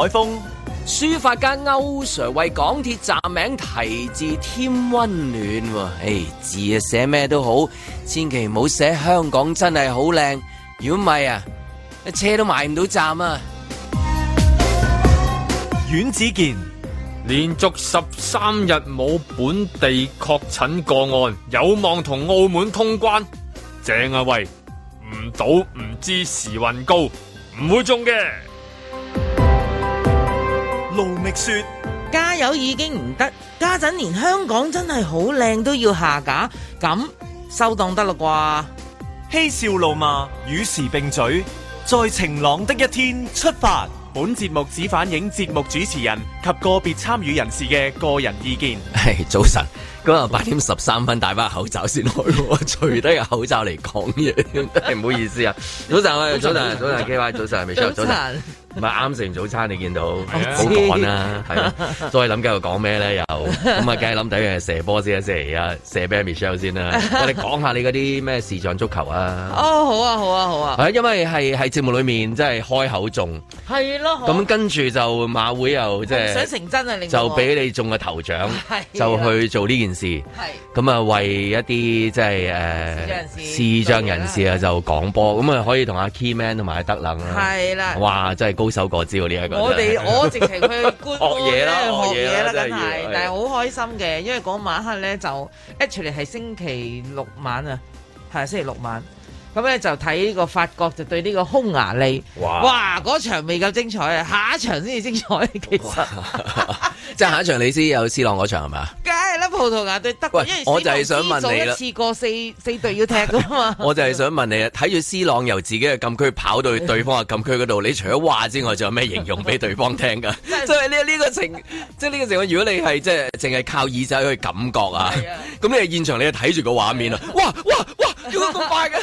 海峰書法家歐 sir 為港鐵站名題字添溫暖，誒字啊寫咩都好，千祈唔好寫香港真係好靚，如果唔係啊，啲車都埋唔到站啊！阮子健連續十三日冇本地確診個案，有望同澳門通關。鄭阿、啊、喂，唔賭唔知時運高，唔會中嘅。說加油已經唔得，家陣連香港真係好靚都要下架，咁收檔得啦啩？嬉笑怒罵與時並嘴，在晴朗的一天出發。本節目只反映節目主持人及個別參與人士嘅個人意見。係早晨，今日八點十三分戴翻口罩先去，我除低個口罩嚟講嘢，係 唔好意思啊！早晨啊，早晨，早晨，早晨，KY，早晨，未早晨。唔係啱食完早餐，你見到好趕啦，係啊，再諗緊又講咩咧？又咁啊，梗係諗第一係射波先先，啊射俾阿 Michelle 先啦，我哋講下你嗰啲咩視障足球啊！哦，好啊，好啊，好啊！因為係喺節目裏面，即係開口中係咯。咁跟住就馬會又即係想成真啊！就俾你中個頭獎，就去做呢件事。咁啊，為一啲即係誒視障人士啊，就講波咁啊，可以同阿 Key Man 同埋德能啊，係啦，哇，真係～高手過招呢一個，我哋我直情去觀 學嘢啦，了，學嘢啦，真係，但係好開心嘅，因為嗰晚黑咧就，actually 係星期六晚啊，係啊，星期六晚，是星期六晚咁咧就睇呢個法國就對呢個匈牙利，哇嗰場未夠精彩啊，下一場先至精彩。其實即下一場你先有 C 朗嗰場係嘛？梗係啦，葡萄牙對德國，我就係想問你啦。一次過四四隊要踢㗎嘛？我就係想問你啊，睇住 C 朗由自己嘅禁區跑到去對方嘅禁區嗰度，你除咗話之外，仲有咩形容俾對方聽㗎？即係呢呢個情，即係呢個情況。如果你係即係淨係靠耳仔去感覺啊，咁你現場你就睇住個畫面啊，哇哇哇！點解咁快嘅？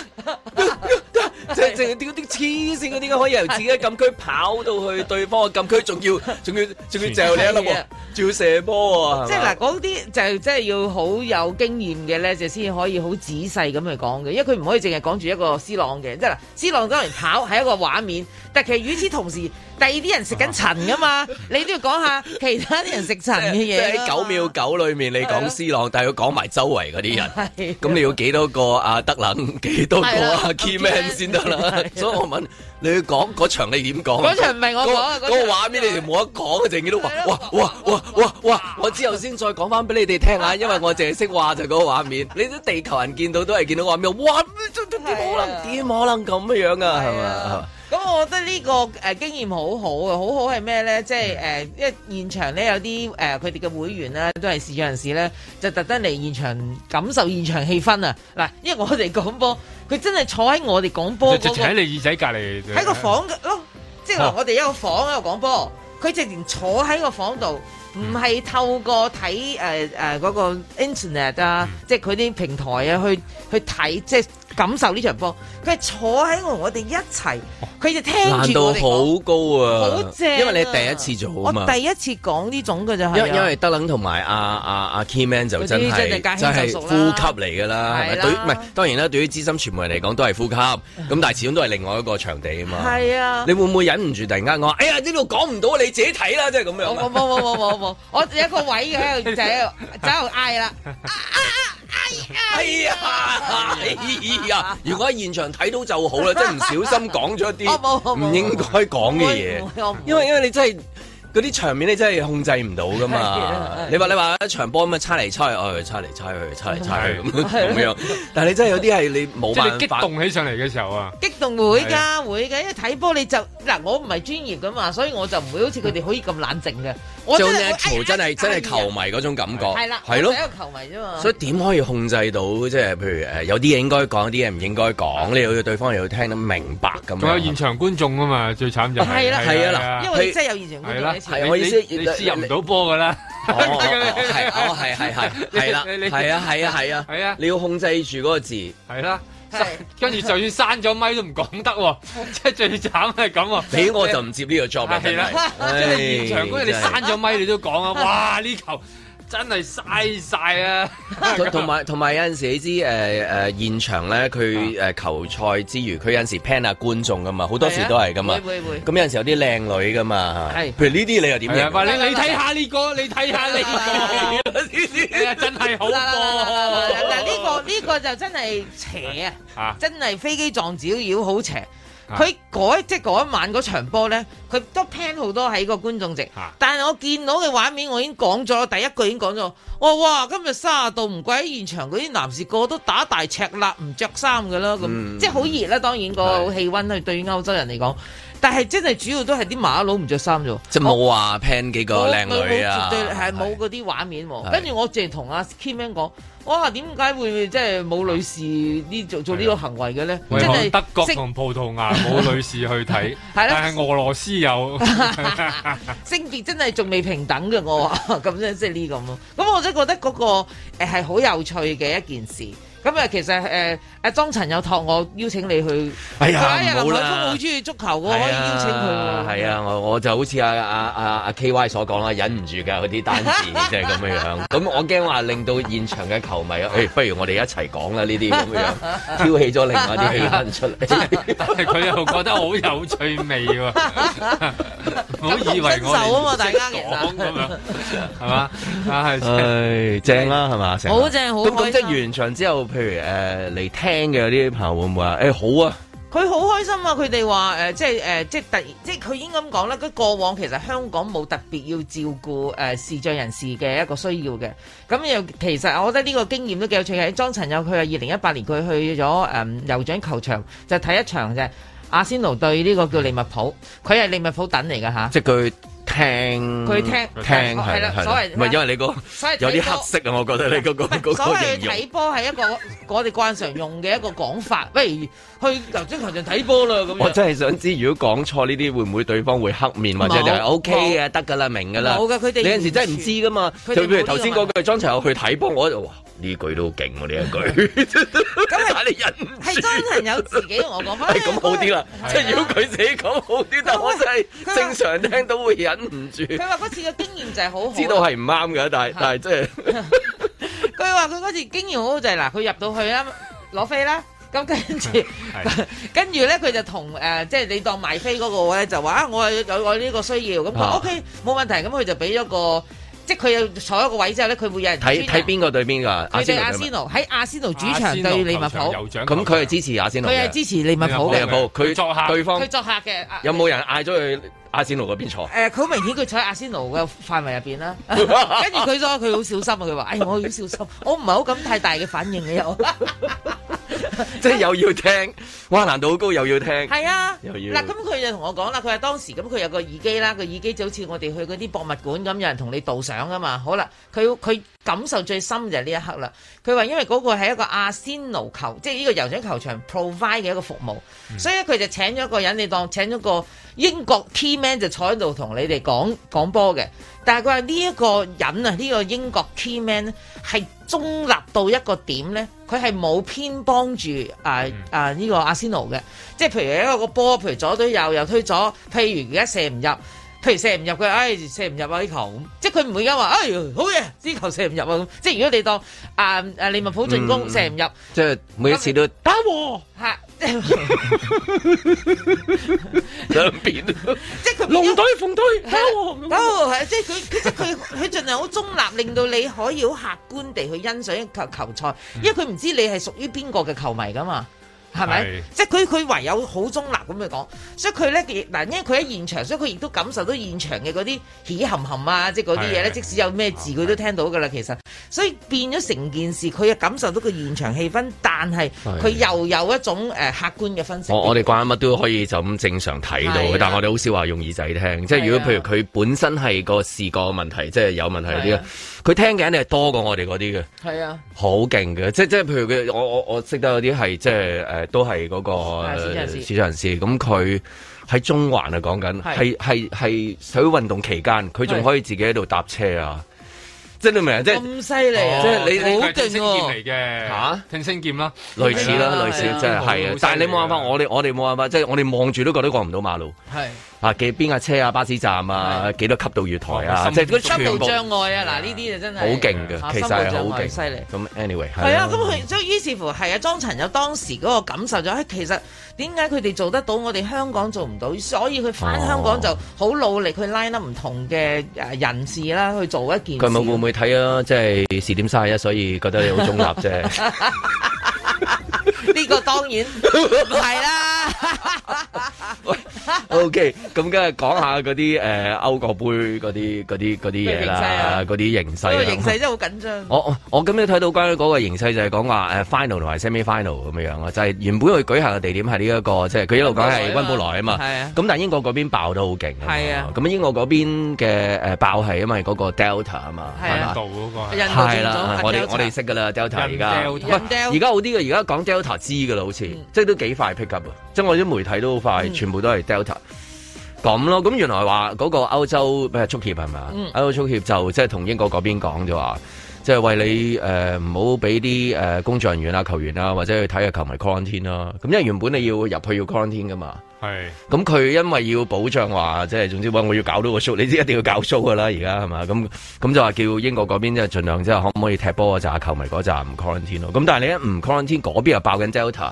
即係即係啲啲黐線嘅，點解可以由自己嘅禁區跑到去對方嘅禁區？仲要仲要仲要就你一粒？喎，要射波喎！即係嗱，嗰啲就即係要好有經驗嘅咧，就先可以好仔細咁去講嘅，因為佢唔可以淨係講住一個 C 朗嘅，即係 C 朗咁嚟跑，係 一個畫面。但其實與此同時，第二啲人食緊塵噶嘛，你都要講下其他人食塵嘅嘢。喺九秒九裏面，你講思朗，是啊、但係要講埋周圍嗰啲人。咁是、啊、你要幾多個啊德林，幾多個啊 Keyman 先得啦。所以我問你要講嗰場你點講？嗰是、啊、場唔係我講嗰個畫面你，你哋冇得講，淨係都話哇哇哇哇哇，哇！我之後先再講翻俾你哋聽下，因為我淨係識話就嗰個畫面。你啲地球人見到都係見到畫面，哇！點可能點可能咁樣樣啊？係嘛？咁我覺得呢、呢個、呃、經驗好好、呃呃、啊！好好係咩咧？即係誒，因為現場咧有啲誒佢哋嘅會員啦，都係視障人士咧，就特登嚟現場感受現場氣氛啊！嗱，因為我哋講波，佢真係坐喺我哋講波，直情喺你耳仔隔離，喺個房咯，即係我哋一個房一個講波，佢、啊、直情坐喺個房度，唔係透過睇嗰、呃呃嗰個 internet 啊，嗯、即係佢啲平台啊，去去睇即係感受呢場波，佢係坐喺我哋一齊，佢就聽到。難度好高啊！好正，因為你第一次做㗎嘛。我第一次講呢種嘅就係、是。因為因為德能同埋阿阿阿 Key Man 就真係，就係呼吸嚟噶啦。啊、對唔係當然啦，對於資深傳媒嚟講都係呼吸，咁 但係始終都係另外一個場地啊嘛。係啊！你會唔會忍唔住突然間講？哎呀，呢度講唔到，你自己睇啦，即係咁樣。冇冇冇冇冇冇！我一個位喺度 就喺度就喺度嗌啦。啊啊啊哎呀！哎呀！哎呀！如果喺現場睇到就好啦，即係唔小心講咗一啲唔應該講嘅嘢， 因為因為你真係。嗰啲場面你真係控制唔到噶嘛！你話你話一場波咁樣猜嚟猜去，哦，猜嚟猜去，猜嚟猜去咁樣。但係你真係有啲係你冇，即係你激動起上嚟嘅時候啊！激動會㗎，會㗎！因為睇波你就嗱，我唔係專業噶嘛，所以我就唔會好似佢哋可以咁冷靜嘅。做 n a c 真係真係球迷嗰種感覺，係啦，係咯，一個球迷啫嘛。所以點可以控制到即係譬如誒，有啲嘢應該講，有啲嘢唔應該講，你要對方又要聽得明白咁。仲有現場觀眾啊嘛，最慘就係啦，係啊嗱，因為你真係有現場觀眾。係我意思，你輸入唔到波噶啦，係，係係係，係啦，係啊係啊係啊，係啊，你要控制住嗰個字，係啦，跟住就算閂咗咪都唔講得，即係最慘係咁喎，畀我就唔接呢個 job 啦，即係現場嗰日你閂咗咪你都講啊，哇呢球！真係嘥晒啊！ 同埋同埋有陣時，你知誒誒、呃呃、現場咧，佢誒、呃、球賽之餘，佢有陣時 plan 下觀眾噶嘛，好多時都係噶嘛。咁、啊、有陣時有啲靚女噶嘛，係、啊、譬如呢啲你又點樣？喂、啊、你你睇下呢個，你睇下呢個，真係好過、哦 這個。嗱呢個呢個就真係邪啊！真係飛機撞鳥，鳥好邪。佢嗰即係一晚嗰場波呢，佢都 plan 好多喺個觀眾席，但係我見到嘅畫面，我已經講咗，第一句已經講咗，哇！今日三十度唔怪，喺現場嗰啲男士個個都打大赤肋唔着衫㗎啦，咁、嗯、即係好熱啦。當然、個氣温係對於歐洲人嚟講。但係真係主要都係啲麻甩佬唔着衫咋，即係冇話 pan 幾個靚女啊，冇，絕對係冇嗰啲畫面。跟住是我淨係同阿 Kimmy 講，哇，點解會即係冇女士呢做做呢個行為嘅咧？即係的德國同葡萄牙冇女士去睇，是是但係俄羅斯有。的 性別真係仲未平等嘅我，咁、就是、樣即係呢咁咯。咁我真係覺得嗰個誒係好有趣嘅一件事。今日其實誒，阿、呃、莊陳有託我邀請你去，我啊，好啦，林海峰好中意足球喎。我可以邀請佢啊。係啊，我我就好似阿啊啊阿、啊、K Y 所講啦，忍唔住嘅佢啲單字，即係咁樣。咁 我驚話令到現場嘅球迷，誒、哎，不如我哋一齊講啦呢啲咁嘅樣，挑起咗另外啲氣氛出嚟、 啊。但係佢又覺得好有趣味喎、啊。 好親受啊嘛，大家其實係嘛啊，係正啦，係嘛？好正，好開心。咁即係完場之後，譬如誒嚟、呃、聽嘅啲朋友會唔會話誒、欸、好啊？佢好開心啊！佢哋話誒，即係誒、呃，即係突即係佢已經咁講啦。佢過往其實香港冇特別要照顧誒、呃、視障人士嘅一個需要嘅。咁又其實我覺得呢個經驗都幾有趣嘅。莊陳友佢係二零一八年佢去咗誒、呃、酋長球場就睇一場啫。阿仙奴對呢個叫利物浦，佢係利物浦等嚟㗎。吓，即係佢聽，佢聽聽係啦，所謂唔係因為你個有啲黑色啊，我覺得你個個個形容，所謂睇波係一個我哋慣常用嘅一個講法，不如。去頭先球場睇波啦，咁我真係想知，如果講錯呢啲會唔會對方會黑面，或者就係 OK 嘅，得噶啦，明噶啦。冇噶，佢哋有陣時真係唔知噶嘛。就譬如頭先嗰句，張陳友去睇波，我就哇呢句都勁喎，呢一句。咁係你忍唔住，係張陳友自己同我講翻，係咁好啲啦。即係如果佢自己講好啲，但係我真係正常聽到會忍唔住。佢話嗰次嘅經驗就係好，知道係唔啱嘅，但係但係真係。佢話佢嗰次經驗好好就係嗱，佢入到去啦，攞飛啦。咁跟住，跟住咧，佢就同誒，即、呃、係、就是、你當買飛嗰個咧，就話，我有我呢個需要，咁佢、啊、OK，冇問題。咁、嗯、佢就俾咗個，即係佢又坐一個位之後咧，佢會有人睇睇邊個對邊㗎？佢對阿仙奴喺阿仙奴主場對利物浦，咁佢係支持阿仙奴，佢係支持利物浦嘅。佢作客，對方，佢作客嘅、啊、有冇人嗌咗佢？ 阿仙奴嗰邊坐，誒、呃，佢好明顯佢坐喺阿仙奴嘅範圍入邊啦，跟住佢咗，佢好小心啊，佢話，哎我好小心，我唔係好敢太大嘅反應嘅，又，即係又要聽，哇，難度好高，又要聽，係啊，又要，嗱，咁佢就同我講啦，佢話當時咁，佢有個耳機啦，個耳機就好似我哋去嗰啲博物館咁，有人同你導賞㗎嘛，好啦，佢佢。他感受最深就係呢一刻啦。佢話因為嗰個係一個阿仙奴球，即係呢個酋長球場 provide 嘅一個服務，所以咧佢就請咗一個人，你當請咗個英國 key man 就坐喺度同你哋講講波嘅。但係佢話呢一個人啊，呢、這個英國 key man 係中立到一個點呢？佢係冇偏幫住啊啊呢、這個阿仙奴嘅。即、就、係、是、譬如一個波，譬如左推右，右推左，譬如而家射唔入。譬如射唔入佢，唉，射唔入啊，啲球，即係佢唔會而家話，唉，好嘢，呢球射唔入啊，咁。即係如果你當啊啊利物浦進攻射唔入，即係每一次都打和，係兩邊，即係龍隊鳳隊打和，打和係即係佢，即係佢，佢盡量好中立，令到你可以好客觀地去欣賞一球球賽，因為佢唔知你係屬於邊個嘅球迷噶嘛。係咪？是是即係佢佢唯有好中立咁去講，所以佢咧，嗱，因為佢喺現場，所以佢亦都感受到現場嘅嗰啲喜含含啊，即嗰啲嘢咧。是即使有咩字，佢是都聽到噶啦。其實，所以變咗成件事，佢又感受到個現場氣氛，但係佢又有一種誒、呃、客觀嘅分析。的我哋關乜都可以就咁正常睇到，的但係我哋好少話用耳仔聽。的即係如果譬如佢本身係個視覺問題，的即係有問題嗰啲、這個。佢聽嘅肯定係多過我哋嗰啲嘅，係啊，好勁嘅，即即係譬如佢，我我我識得有啲係即係誒，都係嗰個市場人士，咁佢喺中環啊講緊，係係係社會運動期間，佢仲可以自己喺度搭車啊，即你明啊？即咁犀利，啊！即係你你係聽聲劍嚟嘅嚇，聽聲劍啦，類似啦，類似，即係係啊，但係你冇辦法，我哋我哋冇辦法，即係我哋望住都覺得過唔到馬路。係。啊，幾邊架車啊？巴士站啊，幾多級到月台啊？即係佢全部障礙啊！嗱，呢啲就真係好勁㗎。其實係好勁，犀利。咁 anyway，係啊，咁佢所以於是乎係啊，莊臣有當時嗰個感受就係其實點解佢哋做得到，我哋香港做唔到，所以佢翻香港就好努力去拉得唔同嘅誒人士啦去做一件。佢咪會唔會睇啊？即係時點三一，所以覺得你好中立啫。呢個當然係啦。喂，OK，咁梗係講下嗰啲誒歐國杯嗰啲嗰啲嗰啲嘢啦，嗰啲形勢啊，個形勢真係好緊張。我我我今日睇到關於嗰個形勢就係講話誒 final 同埋 semi final 咁樣樣啊，就係原本佢舉行嘅地點係呢一個，即係佢一路講係溫布萊啊嘛。係啊。咁但係英國嗰邊爆得好勁。係啊。咁啊英國嗰邊嘅誒爆係因為嗰個 Delta 啊嘛。係啊。印度嗰個。係啦，我我我哋識噶啦 Delta 而家。喂，而家好啲嘅，而家講 Delta。知噶啦，好似、嗯、即係都幾快 pick up 啊！即係我啲媒體都好快，嗯、全部都係 Delta 咁咯。咁原來話嗰個歐洲咩足協係咪啊？嗯、歐洲足協就即係同英國嗰邊講就話，即係喂你誒唔好俾啲誒工作人員啊、球員啊或者去睇下球迷 quarantine 咯。咁、就是、因為原本你要入去要 quarantine 噶嘛。係，咁佢是因為要保障話，即係總之，喂，我要搞到個 show，你知一定要搞 show 噶啦，而家係嘛，咁咁就話叫英國嗰邊即係盡量即係可唔可以踢波啊？係球迷嗰站，唔 quarantine 咯。咁但係你一唔 quarantine 嗰邊又爆緊 Delta，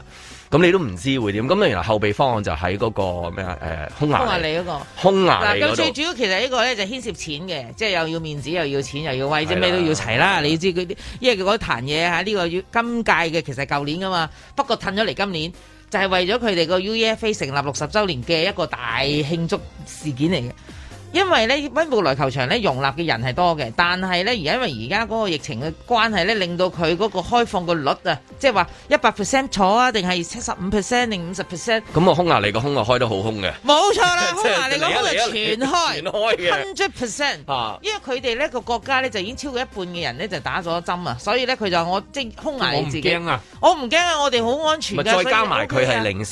咁你都唔知會點。咁原來後備方案就喺嗰個咩啊？誒，匈牙。你嗰個。匈、呃、牙。咁最、那個、主要其實個呢個咧就牽、是、涉錢嘅，即係又要面子，又要錢，又要威，即咩的都要齊啦。的你要知佢啲，因為佢嗰壇嘢喺呢個要今屆嘅，其實舊年噶嘛，不過褪咗嚟今年。就係為咗佢哋個 UEFA 成立六十週年嘅一個大慶祝事件嚟嘅。因為咧溫布萊球場咧容納嘅人係多嘅，但係咧而家因為而家嗰個疫情嘅關係咧，令到佢嗰個開放嘅率啊，即係話一百 percent 坐啊，定係七十五 percent 定五十 percent？咁啊。匈牙利個空啊，開得好空嘅。冇錯啦，匈牙利個空就全開，hundred percent。100 因為佢哋咧個國家咧就已經超過一半嘅人咧就打咗針啊，所以咧佢就我即係匈牙利自己。我唔驚啊，啊！我唔驚啊！我哋好安全，再加埋佢係零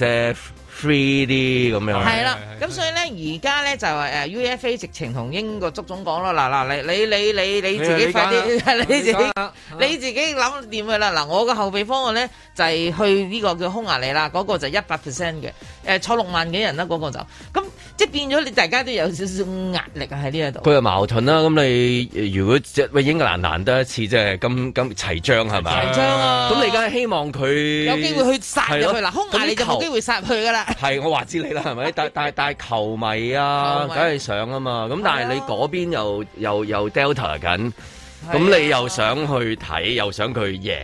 three D 咁樣係啦，咁所以咧而家咧就係誒 UFA 直情同英國足總講咯，嗱嗱你你你你你自己快啲，你自己你自己諗掂去啦，嗱我個後備方案咧就係去呢個叫匈牙利啦，嗰個就一百 percent 嘅，誒坐六萬幾人啦，嗰個就咁即係變咗你大家都有少少壓力啊喺呢一度。佢係矛盾啦，咁你如果即英格蘭難得一次即係咁咁齊張係嘛？齊張啊！咁你而家希望佢有機會去殺咗佢喇，匈牙利就冇機會殺佢去噶啦。係我話知你啦，係咪？但但但球迷啊，梗係想啊嘛。咁但係你嗰邊又又又 Delta 緊，咁你又想去睇，又想佢贏，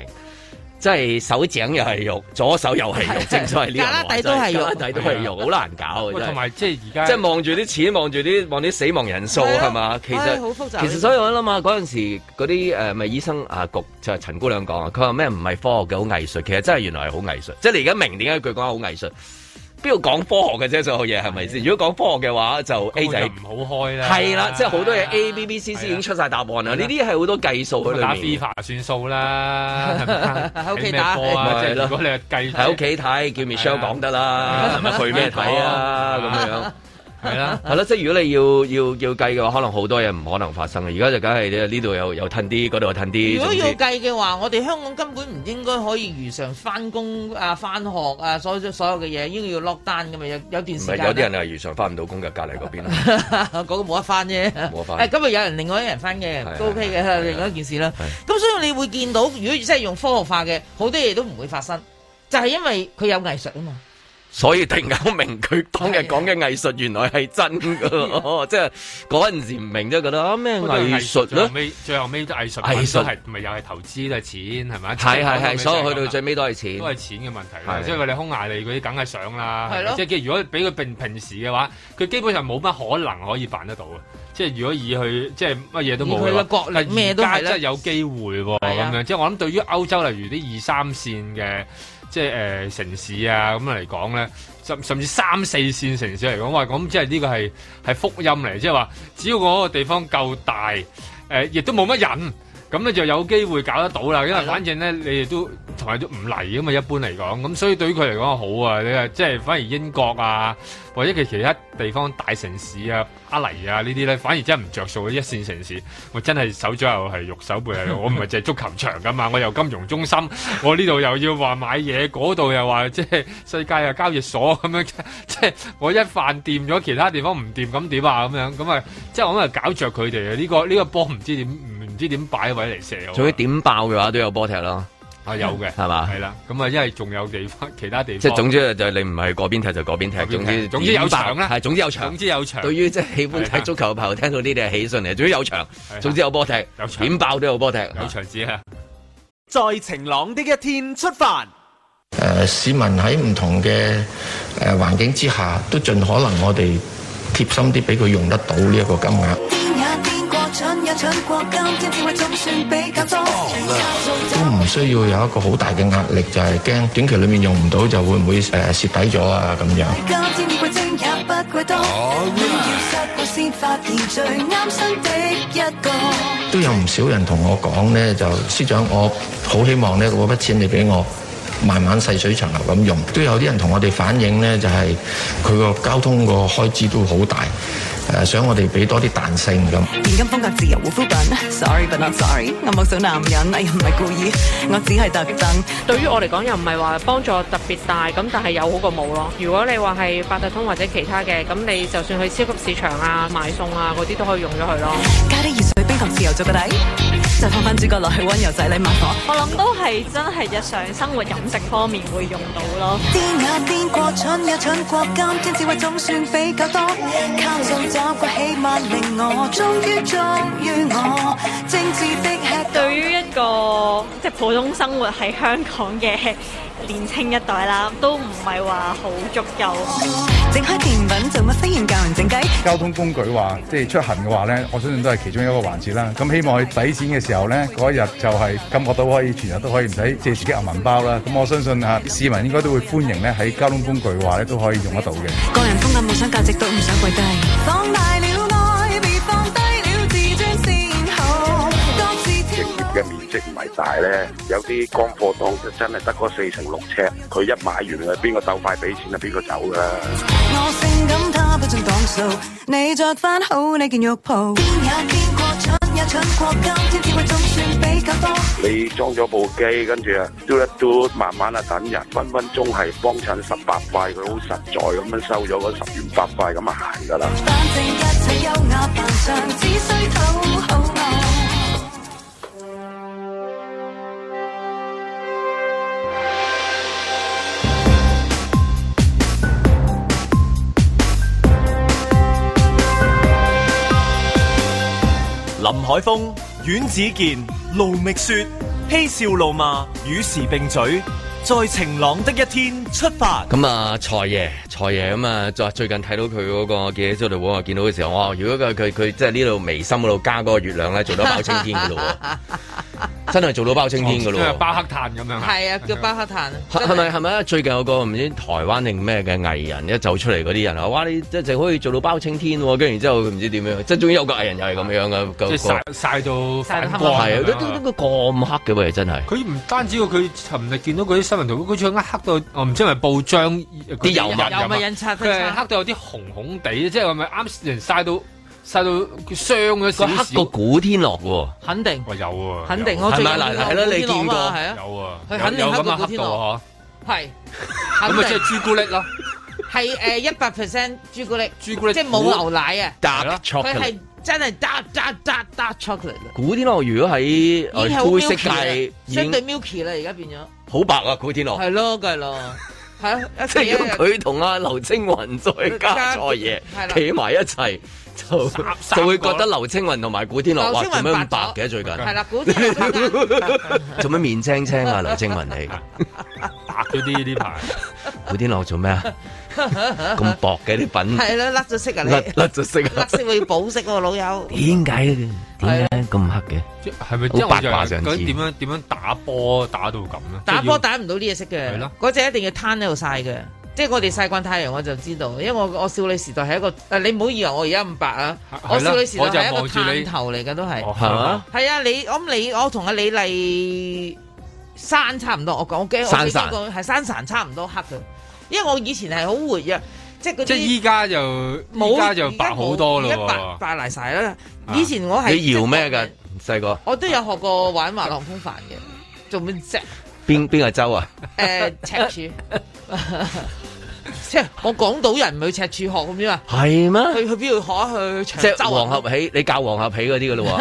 即係手掌又係肉，左手又係肉，正所謂呢樣話，手底都係底都係肉，好難搞。喂，同埋即係而家，即係望住啲錢，望住啲望啲死亡人數係嘛？其實好複雜。其實所以我諗下嗰陣時嗰啲誒，咪醫生啊局就係陳姑娘講啊，佢話咩唔係科學嘅好藝術，其實真係原來係好藝術。即係你而家明點解一句講話好藝術。邊度講科學嘅啫，最好嘢係咪先？如果講科學嘅話，就 A 仔唔好開啦。係啦，即係好多嘢 A B B C C 已經出晒答案啦。呢啲係好多計數嗰類。打 FIFA 算數啦。喺屋企打。如果你係計。喺屋企睇叫 Michelle 講得啦，係咪去咩睇啊？咁樣。係啦，係啦，即係如果你要要要計嘅話，可能好多嘢唔可能發生嘅。而家就梗係呢度有又褪啲，嗰度又褪啲。如果要計嘅話，我哋香港根本唔應該可以如常翻工啊、翻學啊，所有所有嘅嘢應該要 lockdown 嘅嘛。有有段時間。有啲人係如常翻唔到工嘅，隔籬嗰邊嗰個冇得翻啫。冇得翻。咁今日有人另外一人翻嘅，都 OK 嘅，另外一件事啦。咁、啊啊、所以你會見到，如果即係用科學化嘅，好多嘢都唔會發生，就係、是、因為佢有藝術啊嘛。所以突然搞明佢當日講嘅藝術原來係真噶，即係嗰陣時唔明，即覺得啊咩藝術咧？最後尾最後尾藝術，藝術係咪又係投資咧？錢係咪？係係係，所以去到最尾都係錢，都係錢嘅問題。即係佢哋匈牙利嗰啲梗係想啦，即係如果俾佢平平時嘅話，佢基本上冇乜可能可以辦得到嘅。即係如果以去即係乜嘢都冇嘅，咩都係咧，有機會咁樣。即係我諗，對於歐洲例如啲二三線嘅。即係、呃、城市啊咁嚟講咧，甚甚至三四線城市嚟講，哇咁即係呢個係係福音嚟，即係話只要嗰個地方夠大，誒、呃、亦都冇乜人，咁咧就有機會搞得到啦，因為反正咧你哋都同埋都唔嚟噶嘛，一般嚟講，咁所以對於佢嚟講好啊，你係即係反而英國啊。或者佢其他地方大城市啊、巴黎啊呢啲咧，反而真係唔着數嘅一線城市，我真係手咗又係肉手背肉，我唔係淨係足球場㗎嘛， 我又金融中心，我呢度又要話買嘢，嗰度 又話即係世界又交易所咁樣，即、就、係、是、我一飯掂咗其他地方唔掂，咁點啊咁樣，咁咪即係我咪搞着佢哋啊？呢、這個呢、這個波唔知點唔知點擺位嚟射我？除咗點爆嘅話，都有波踢囉。啊有嘅係嘛，係啦、嗯，咁啊，因為仲有地方，其他地方，即係總之就你唔係嗰邊踢就嗰邊踢，總之,是,總之總之有場咧，係總之有場，總之有場。對於即係喜歡踢足球嘅朋友，聽到呢啲係喜訊嚟，總之有場，總之有波的踢，點爆都有波踢有，有場子啊！是的在晴朗的一天出發。誒、呃，市民喺唔同嘅誒環境之下，都盡可能我哋貼心啲，俾佢用得到呢一個金額。都唔需要有一個好大嘅壓力，就係、是、驚短期裡面用唔到，就會唔會誒蝕、呃、底咗啊咁樣。Okay. 都有唔少人同我講呢就，司長，我好希望呢嗰筆錢你俾我，慢慢細水長流咁用。都有啲人同我哋反映呢，就係佢個交通個開支都好大。誒想我哋俾多啲彈性咁。現今風格自由護膚品，Sorry but not sorry，我冇想男人，哎，又唔係故意，我只係特登。對於我嚟講又唔係話幫助特別大，咁但係有好過冇咯。如果你話係八達通或者其他嘅，咁你就算去超級市場啊、買餸啊嗰啲都可以用咗佢咯。加啲熱水冰糖自由做個底，就放翻主角落去溫柔仔禮物房。我諗都係真係日常生活飲食方面會用到咯。癲也癲過，蠢也蠢過，今天智慧總算比較多，對於一個即係普通生活喺香港嘅。年青一代啦，都唔係話好足夠啊。整開甜品做乜？雖然教人整雞。交通工具話，即係出行嘅話咧，我相信都係其中一個環節啦。咁希望佢抵錢嘅時候咧，嗰一日就係感覺到可以全日都可以唔使借自己入銀包啦。咁我相信嚇市民應該都會歡迎咧，喺交通工具嘅話咧都可以用得到嘅。個人風格、夢想價值都唔想跪低。即唔係大咧，有啲乾貨檔真係得嗰四成六尺，佢一買完啊，邊個鬥快俾錢啊，邊個走噶。你裝咗部機，跟住啊嘟一嘟，慢慢啊等人，分分鐘係幫襯十八塊，佢好實在咁樣收咗嗰十元八塊，咁啊行噶啦。林海峰、阮子健、盧覓雪、嬉笑怒罵、與時並嘴、在晴朗的一天出發。咁、嗯、啊，財爺，財爺咁啊，再最近睇到佢嗰個記者招待會，我見到嘅時候，哇、哦、如果佢佢佢即係呢度眉心嗰度加嗰個月亮咧，做到好包青天嘅喎。 真係做到包青天噶咯，啊，即係包黑炭咁樣。係啊，叫包黑炭。係咪係咪？最近有個唔知台灣定咩嘅藝人，一走出嚟嗰啲人，哇！你即係可以做到包青天，跟住然之後唔知點樣，即係終於有個藝人又係咁樣噶，即曬曬到曬到黑。係啊，都都咁黑嘅噃，真係。佢唔單止個，佢尋日見到嗰啲新聞圖，佢仲要黑到，我唔知係咪報章啲油墨印。有咩印刷出？黑到有啲紅紅地，即係係咪啱人曬到？曬到傷嘅，個黑過古天樂喎。肯定。我有喎。肯定。係咪？嚟嚟係你見過？有喎。有咁黑古天樂？係。咁咪即係朱古力咯？係誒，一百 percent 朱古力。朱古力即係冇牛奶啊。Dark chocolate。佢係真係 dark dark dark dark chocolate。古天樂如果喺灰色界，相對 milky 啦，而家變咗。好白啊，古天樂。係咯，係咯。係咯，即係如果佢同阿劉青雲再加錯嘢，企埋一齊。就就會覺得劉青雲同埋古天樂哇咁樣白嘅最近麼麼，係啦，古天樂做咩、啊、 面青青啊？劉青雲你白咗啲呢排， 古天樂做咩啊？咁 薄嘅啲品係咯，甩咗色啊你！甩咗色啊！色，色了我保色喎老友，點解點解咁黑嘅？即係咪好白？我哋嗰啲點樣點樣打波打到咁咧？打波打唔到啲嘢色嘅，係咯的，嗰隻一定要攤喺度晒嘅。即係我哋曬慣太陽，我就知道，因為我我少女時代係一個誒，你唔好以為我而家咁白啊！是我少女時代係一個探頭嚟嘅都係，係吧啊，你我咁你我同阿李麗珊差唔多，我講山我驚我呢個係山神差唔多黑嘅，因為我以前係好活躍，即係嗰啲即係依家就依家就白好多咯，啊，一白，白白嚟曬啦！以前我係搖咩噶細個，啊、我都有學過玩滑浪風帆嘅，啊、做咩啫？邊邊個州啊？誒，赤柱，即係我港島人唔去赤柱學咁樣啊？係咩？去去邊度學啊？去長洲。即係黃合喜，你教黃合喜嗰啲噶咯？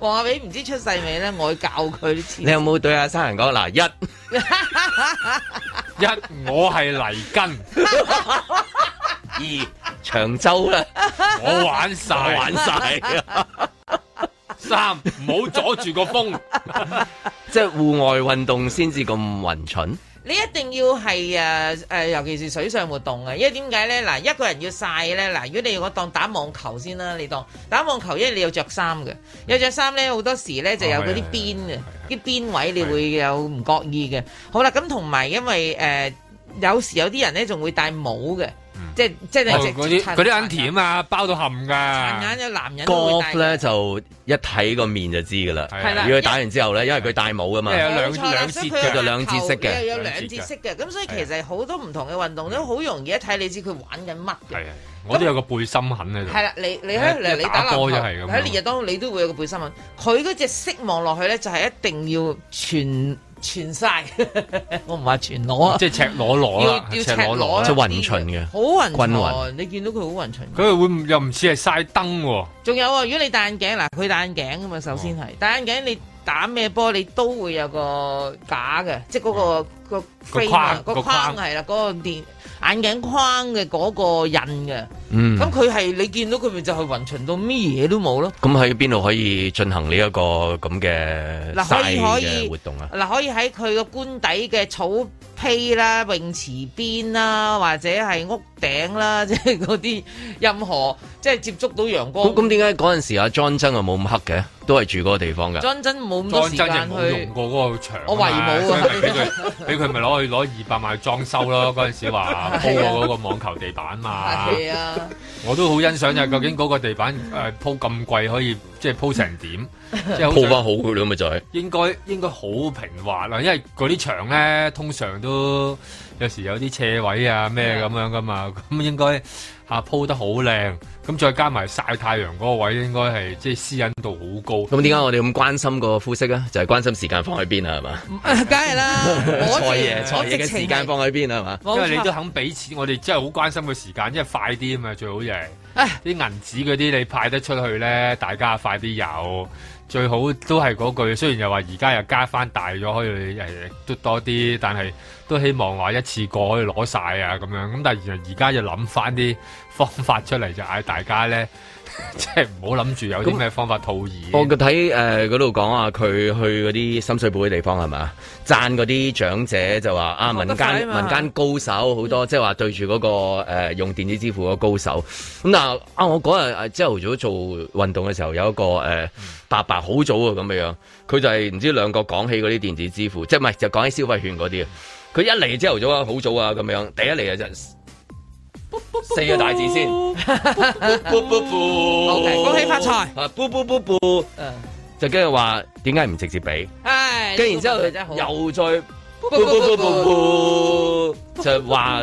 黃合喜唔知出世未咧？我去教佢。你有冇對阿生人講嗱？一，一我係黎根，二長洲啦，我玩晒玩晒。 三，唔好阻住個風，即係戶外運動先至咁勻襯。你一定要係誒誒，尤其是水上活動啊，因為點解咧？嗱，一個人要晒咧，嗱，如果你我當打網球先啦，你當打網球，因為你要着衫嘅，有着衫咧，好多時咧就有嗰啲邊嘅，啲邊位你會有唔覺意嘅。對對對，好啦，咁同埋因為誒、呃，有時有啲人咧仲會戴帽嘅。即即嗰啲嗰啲 gentleman 啊，包到含噶。眼有男人。Golf 咧就一睇個面就知噶啦。係啦。如果佢打完之後咧，因為佢戴帽噶嘛。有兩兩節，佢就兩節色嘅。有兩節色嘅。咁所以其實好多唔同嘅運動都好容易一睇你知佢玩緊乜。係啊。我都有個背心痕喺度。係啦，你你喺你打波就係咁。喺烈日當中你都會有個背心痕。佢嗰隻色望落去咧就係一定要全全晒， 我唔話全裸，啊，即係赤裸裸，啦，赤裸裸即係勻巡嘅，好勻巡，你見到佢好勻巡，佢匀會又唔似係晒燈喎？仲有啊，如果你戴眼鏡嗱，佢戴眼鏡啊嘛，首先係戴、哦、眼鏡，你打咩波你都會有個假嘅，即係嗰、那個個框，個框係啦，嗰、那個電。眼鏡框嘅嗰個印嘅，嗯，咁佢係你見到佢咪就係云巡到乜嘢都冇咯？咁喺邊度可以進行呢一個咁嘅晒嘅活動啊？嗱，可以喺佢個官邸嘅草坯啦、泳池邊啦，或者係屋頂啦，即係嗰啲任何即係接觸到陽光。咁咁點解嗰陣時阿 John 真係冇咁黑嘅？都係住嗰個地方嘅，真真冇用過嗰個牆。我懷疑冇啊，俾佢俾佢咪攞去攞二百萬去裝修囉。嗰陣時話鋪嗰個網球地板嘛。 我都好欣賞呀、啊，究竟嗰個地板鋪咁貴可以即係鋪成點？即係鋪返 好佢啦嘛，就係。應該應該好平滑啦，因為嗰啲牆呢，通常都。有時有啲斜位啊咩咁樣噶嘛，咁應該吓鋪得好靚，咁再加埋曬太陽嗰個位應該，應該係即係私隱度好高。咁點解我哋咁關心個膚色咧？就係、是、關心時間放喺邊啊，係嘛？梗係啦，彩嘢彩嘢嘅時間放喺邊呀，係嘛？因為你都肯俾錢，我哋真係好關心個時間，因為快啲啊嘛，最好就係，唉，啲銀紙嗰啲你派得出去咧，大家快啲有。最好都係嗰句，雖然又話而家又加翻大咗，可以誒都多啲，但係都希望話一次過可以攞晒啊咁樣。咁但係而家又諗翻啲方法出嚟，就嗌大家咧。 即係唔好諗住有啲咩方法套現我。我睇，誒嗰度講啊，佢去嗰啲深水埗嘅地方係咪？讚嗰啲長者就話啊，民間民間高手好多，即係話對住嗰、嗰個誒、呃、用電子支付個高手。咁但啊，我嗰日朝頭早做運動嘅時候，有一個誒伯伯好早啊咁樣，佢就係、是、唔知兩個講起嗰啲電子支付，即係唔係就講、是、起消費券嗰啲啊。佢一嚟朝頭早啊，好早啊咁樣，第一嚟啊就是。四個大字先，恭喜發財。布布布布，就跟住話點解唔直接俾？唉，跟住然之後又再布布布布布，就話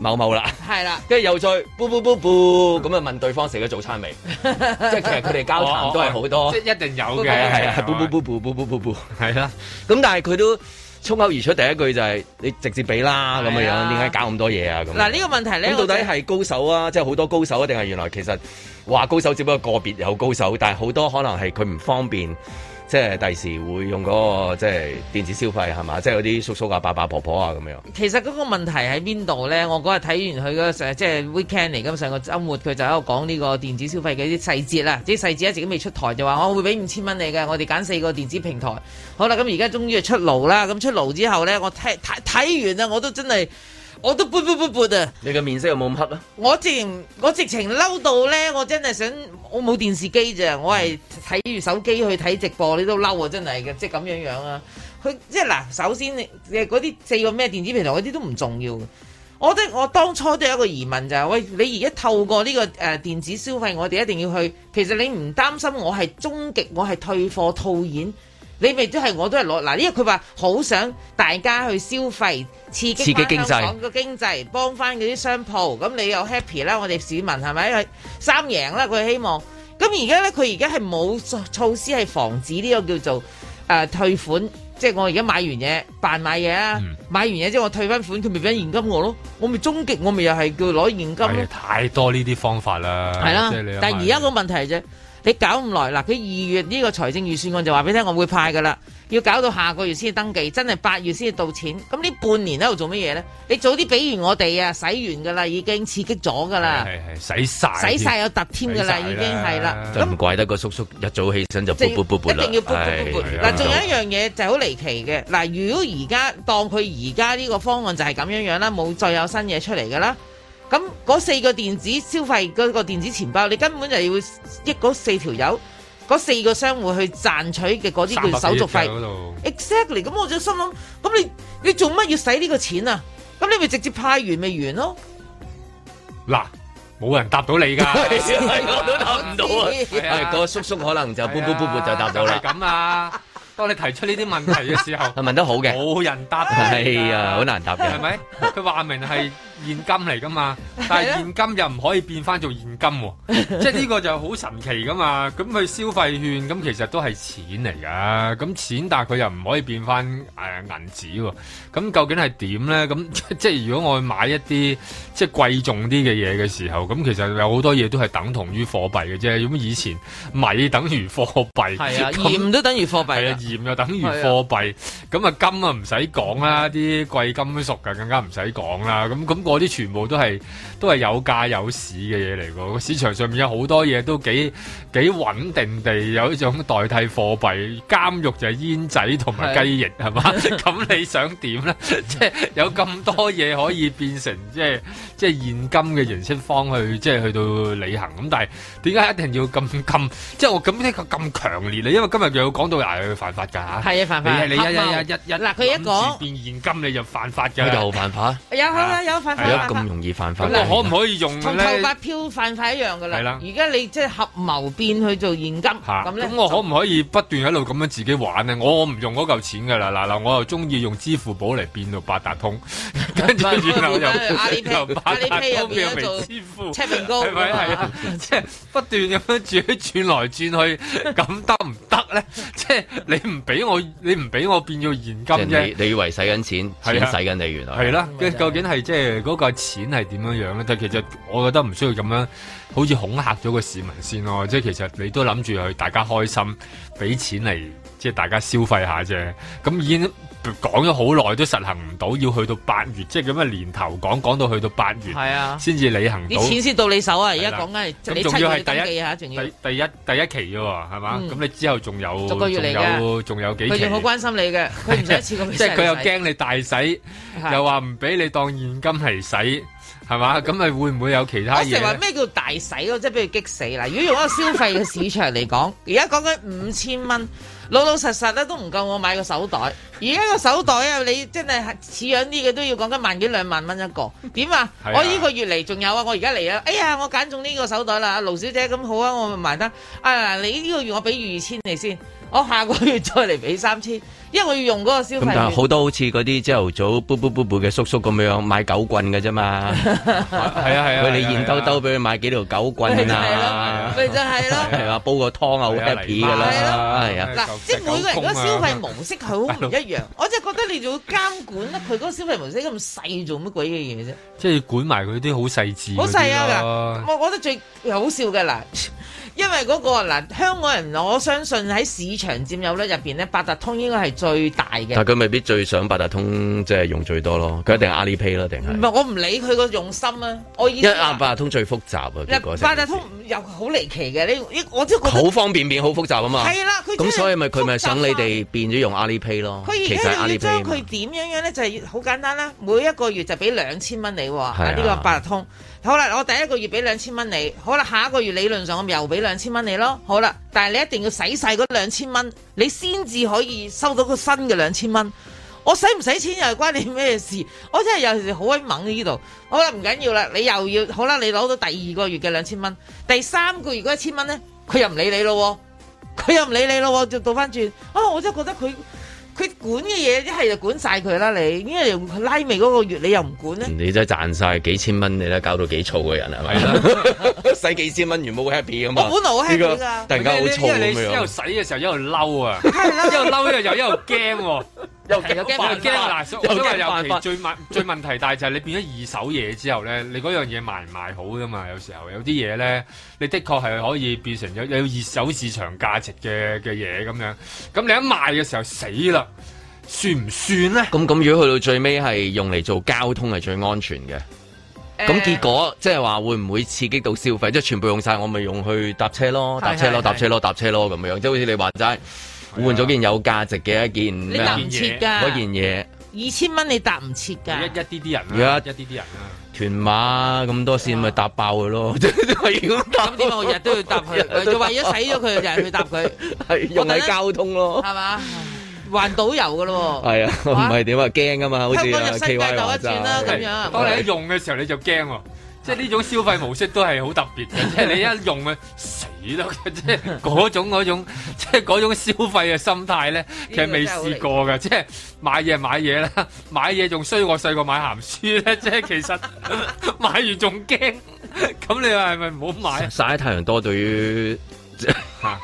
某某啦，係啦，跟住又再布布布布咁啊問對方食咗早餐未？即係其實佢哋交談都係好多，即係一定有嘅，係啊，布布布布布布布布，係啦。咁但係佢都。衝口而出第一句就係你直接俾啦咁樣樣，點解搞咁多嘢啊？咁嗱呢個問題咧，到底係高手啊，即係好多高手啊，定係原來其實話高手只不過個別有高手，但係好多可能係佢唔方便。即係第時會用嗰、那個即係電子消費係嘛？即係嗰啲叔叔啊、爸爸、婆婆啊咁樣。其實嗰個問題喺邊度咧？我嗰日睇完佢個即係 weekend 嚟㗎，上個周末佢就喺度講呢個電子消費嘅啲細節啦。啲細節一直都未出台就話，我會俾五千蚊你嘅。我哋揀四個電子平台。好啦，咁而家終於係出爐啦。咁出爐之後咧，我睇睇睇完啦，我都真係。我都撥撥撥撥啊！你個面色有冇咁黑啊？我直情我直情嬲到呢，我真係想我冇電視機咋，我係睇住手機去睇直播，你都嬲啊！真係嘅，即係咁樣樣啦。佢即係嗱，首先你嗰啲四個咩電子平台嗰啲都唔重要。我覺得我當初都有一個疑問就係，喂，你而家透過呢個誒電子消費，我哋一定要去。其實你唔擔心我係終極，我係退貨套現。你咪都係，我都係攞嗱，因為佢話好想大家去消費，刺激香港個經濟，幫翻嗰啲商鋪。咁你又 happy 啦，我哋市民係咪？是是三贏啦，佢希望。咁而家咧，佢而家係冇措施係防止呢個叫做誒、呃、退款，即係我而家買完嘢，扮買嘢啦，買完嘢即係我退翻款，佢咪俾現金我咯？我咪終極，我咪又係叫攞現金、哎。太多呢啲方法啦，係啦、啊。但係而家個問題啫。你搞唔來啦，佢二月呢個財政預算案就話俾你聽，我會派噶啦，要搞到下個月先至登記，真係八月先至到錢。咁呢半年喺度做乜嘢咧？你早啲俾完我哋啊，洗完噶啦，已經刺激咗噶啦，洗晒洗晒使有突添噶啦，已經係啦。咁怪得個叔叔一早起身就撥撥撥撥，一定要撥撥撥撥。嗱，仲有一樣嘢就係好離奇嘅。嗱，如果而家當佢而家呢個方案就係咁樣樣啦，冇再有新嘢出嚟噶啦。咁嗰四個電子消費嗰個電子錢包，你根本就要益嗰四條友，嗰四個商戶去賺取嘅嗰啲叫手續費。Exactly，咁我就心諗，咁你你做乜要使呢個錢啊？咁你咪直接派完咪完咯。嗱，冇人答到你噶，我都答唔到啊。個叔叔可能就缽缽缽缽就答到啦。咁啊。當你提出呢啲問題嘅時候，問得 好嘅，冇人答。係啊，好難答嘅。係咪？佢話明係現金嚟噶嘛，但係現金又唔可以變翻做現金喎， 即係呢個就好神奇噶嘛。咁佢消費券咁其實都係錢嚟噶，咁錢但佢又唔可以變翻銀紙喎。咁究竟係點咧？咁即係如果我買一啲即係貴重啲嘅嘢嘅時候，咁其實有好多嘢都係等同於貨幣嘅啫。咁以前米等於貨幣，啊，樣鹽都等於貨幣。鹽又等於貨幣，咁是啊金啊唔使講啦，啲貴金屬嘅更加唔使講啦，咁咁嗰啲全部都係都係有價有市嘅嘢嚟喎。市場上面有好多嘢都幾幾穩定地有一種代替貨幣。監獄就係煙仔同埋雞翼係嘛？咁是、啊、你想點咧？即係 有咁多嘢可以變成即係即係現金嘅形式方去即係去到旅行咁，但係點解一定要咁咁？即係我咁呢個咁強烈你因為今日又要講到犯㗎嚇，係啊，犯犯合謀變現金你就犯法㗎，有犯法？有有有犯法啊！咁容易犯法，我可唔可以用咧？同發票犯法一樣㗎啦。而家你即係合謀變去做現金，咁咧咁我可唔可以不斷喺度咁樣自己玩呢？我我唔用嗰嚿錢㗎啦，嗱嗱，我又中意用支付寶嚟變到八達通，跟住我又阿里 Pay，阿里 Pay 又變做赤面高，係啊，即係不斷咁樣轉轉來轉去，咁得唔得咧？即係你。唔俾我，你唔俾我變咗現金啫。你以為使緊錢，先使緊你原來係啦。就是，究竟係即係嗰個錢係點樣樣咧？但其實我覺得唔需要咁樣，好似恐嚇咗個市民先咯。的即係其實你都諗住去，大家開心，俾錢嚟，即係大家消費下啫。咁已經。講咗好耐都實行唔到，要去到八月，即係咁樣年頭講講到去到八月，係啊，先至履行到。啲錢先到你手啊！而家講緊，你仲、嗯、要係第一吓，仲要一第一第一，第一期啫，係嘛？咁、嗯、你之後仲有，仲有仲有幾期？佢好關心你嘅，佢唔想一次過俾晒。即係佢又驚你大使，啊、又話唔俾你當現金嚟使。係嘛？咁咪會唔會有其他嘢咧？咩叫大使咯？即係俾佢激死啦！如果用一個消費嘅市場嚟講，而家講緊五千蚊，老老實實咧都唔夠我買個手袋。而家個手袋啊，你真係似樣啲嘅都要講緊萬幾兩萬蚊一個。點啊？啊，我呢個月嚟仲有啊！我而家嚟啊！哎呀，我揀中呢個手袋啦，盧小姐咁好啊，我咪埋單。啊，你呢個月我俾二千你先。我下個月再嚟俾三千，因為我要用嗰個消費。咁但係好多好似嗰啲朝頭早煲煲煲煲嘅叔叔咁樣買狗棍嘅啫嘛，係啊係啊，佢哋現兜兜俾佢買幾條狗棍啊，咪就係咯，係啊煲個湯啊好 happy 噶啦，係啊嗱，即係每個人個消費模式係好唔一樣，我真係覺得你仲要監管咧，佢嗰個消費模式咁細做乜鬼嘅嘢啫，即係管埋佢啲好細緻，好細啊！我我覺得最好笑嘅啦。因為嗰、那個嗱，香港人，我相信喺市場占有咧入邊咧，八達通應該係最大嘅。但佢未必最想八達通即係用最多咯，佢一定係阿里 pay 咯，定係。唔係，我唔理佢個用心啊，我已以一八達通最複雜啊，其實八達通又好離奇嘅，你呢我即好方便，便，變好複雜啊嘛。係啦、啊，咁所以咪佢咪想你哋變咗用阿里 pay 咯。佢而家用咗佢點樣樣咧，就係、是、好簡單啦、啊。每一個月就俾兩千蚊你喎、啊，呢、啊、個八達通。好啦，我第一個月俾兩千蚊你，好啦，下一個月理論上我咪又俾兩千蚊你咯，好啦，但係你一定要使晒嗰兩千蚊，你先至可以收到個新嘅兩千蚊。我使唔使錢又係關你咩事？我真係有時好鬼猛呢度，好啦，唔緊要啦，你又要好啦，你攞到第二個月嘅兩千蚊，第三個月嗰一千蚊咧，佢又唔理你咯，佢又唔理你咯，就倒翻轉。啊，我真係覺得佢。佢管嘅嘢一係就管晒佢啦，你因為拉尾嗰個月你又唔管咧？你真係賺晒幾千蚊你都搞到幾燥嘅人係咪？使幾千蚊原本好 happy 咁啊！我本好 happy！突然間好燥嘅喎，因為你一路使嘅時候一路嬲啊，一路嬲又又一路驚喎。又驚又驚，嗱，所以話最問最問題，但係就係你變咗二手嘢之後咧，你嗰樣嘢賣唔賣好㗎嘛？有時候有啲嘢咧，你的確係可以變成有有二手市場價值嘅嘅嘢咁樣，咁你一賣嘅時候死啦，算唔算咧？咁咁，如果去到最尾係用嚟做交通係最安全嘅，咁、uh、結果即係話會唔會刺激到消費？即係全部用晒，我咪用去搭車咯，搭車咯，搭車咯，搭車咯咁樣，即係好似你話齋。換咗件有價值嘅一件，一件嘢二千蚊你搭唔切㗎？一一啲啲人啦，一啲啲人啦，屯馬咁多線咪搭爆佢咯？咁搭點啊？我日都要搭佢，就為咗使咗佢，日日去搭佢，係用喺交通咯，係嘛？環島遊㗎咯喎，係啊，唔係點啊？驚㗎嘛，好似世界走一轉啦咁樣。當你一用嘅時候你就驚喎，即係呢種消費模式都係好特別嘅，即係你一用啊。即係嗰種種，即係種，種，種消費嘅心態咧，其實未試過嘅。即係買嘢買嘢啦，買嘢仲衰過細個買鹹書咧。即係其實買完仲驚，咁你話係咪唔好買？曬太陽多對於，對於吓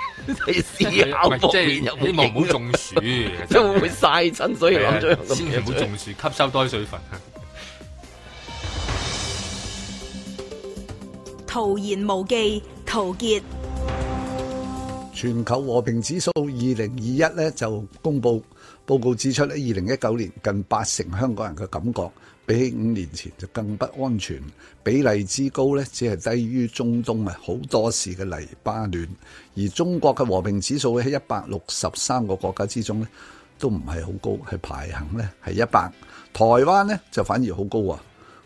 第四啊方面又 會你希望唔好中暑，即係 會唔 會曬親，所以諗住先唔好中暑，吸收多啲水分。 徒然無忌，陶傑。全球和平指數二零二一呢就公佈報告指出呢，二零一九年近八成香港人嘅感覺比起五年前就更不安全，比例之高呢只係低於中東啊，好多時嘅黎巴嫩，而中國嘅和平指數喺一百六十三個國家之中呢都唔係好高，係排行呢係一百，台灣呢就反而好高啊。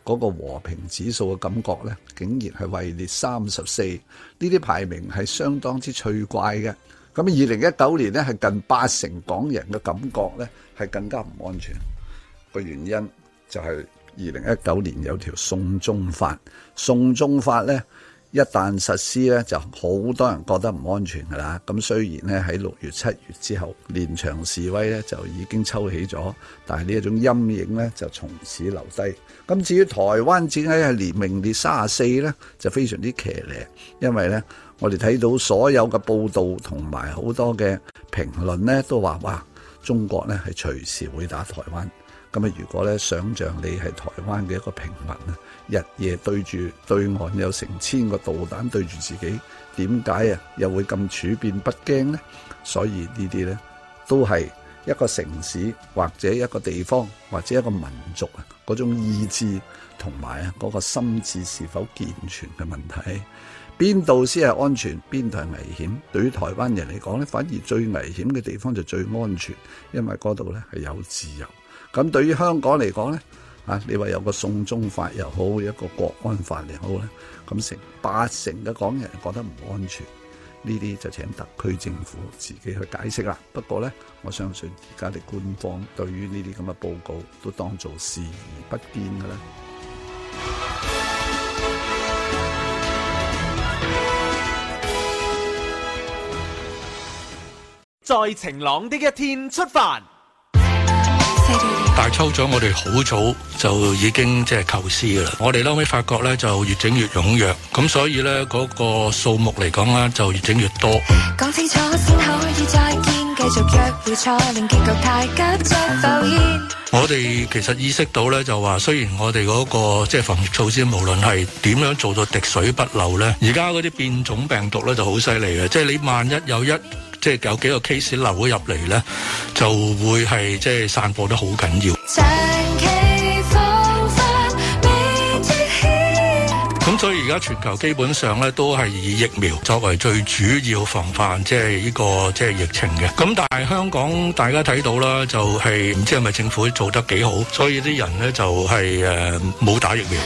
嗰個和平指數嘅感覺咧，竟然係位列三十四，呢啲排名係相當之趣怪嘅。咁二零一九年呢，係近八成港人嘅感覺咧，係更加唔安全。個原因就係二零一九年有條送中法，送中法咧。一旦實施咧，就好多人覺得唔安全㗎喇。咁雖然咧喺六月、七月之後連場示威咧就已經抽起咗，但係呢一種陰影咧就從此留低。咁至於台灣點解係連名列卅四咧，就非常之騎呢，因為咧，我哋睇到所有嘅報道同埋好多嘅評論咧，都話哇，中國咧係隨時會打台灣。咁啊！如果咧，想象你係台灣嘅一個平民啊，日夜對住對岸有成千個導彈對住自己，點解啊又會咁處變不驚咧？所以呢啲咧都係一個城市或者一個地方或者一個民族嗰種意志同埋啊嗰個心智是否健全嘅問題。邊度先係安全？邊度係危險？對於台灣人嚟講咧，反而最危險嘅地方就最安全，因為嗰度咧係有自由。咁對於香港嚟講呢啊，你話有個送中法又好，有一個國安法又好咧，咁成八成嘅港人覺得唔安全，呢啲就請特區政府自己去解釋啦。不過呢，我相信而家嘅官方對於呢啲咁嘅報告都當做視而不見嘅咧。在晴朗的一天出發。大抽獎，我哋好早就已經即係構思嘅啦。我哋後尾發覺咧，就越整越踴躍，咁所以咧，嗰個數目嚟講啊，就越整越多。講清楚先可以再見，繼續約會。我哋其實意識到咧，就話雖然我哋嗰個即係防疫措施，無論係點樣做到滴水不漏咧，而家嗰啲變種病毒咧就好犀利嘅，即係你萬一有一。即係有幾個 case 流咗入嚟咧，就會係即係散播得好緊要。咁所以而家全球基本上咧都係以疫苗作為最主要防範，即係呢個即係疫情嘅。咁但係香港大家睇到啦，就係唔知係咪政府做得幾好，所以啲人咧就係、呃、冇打疫苗。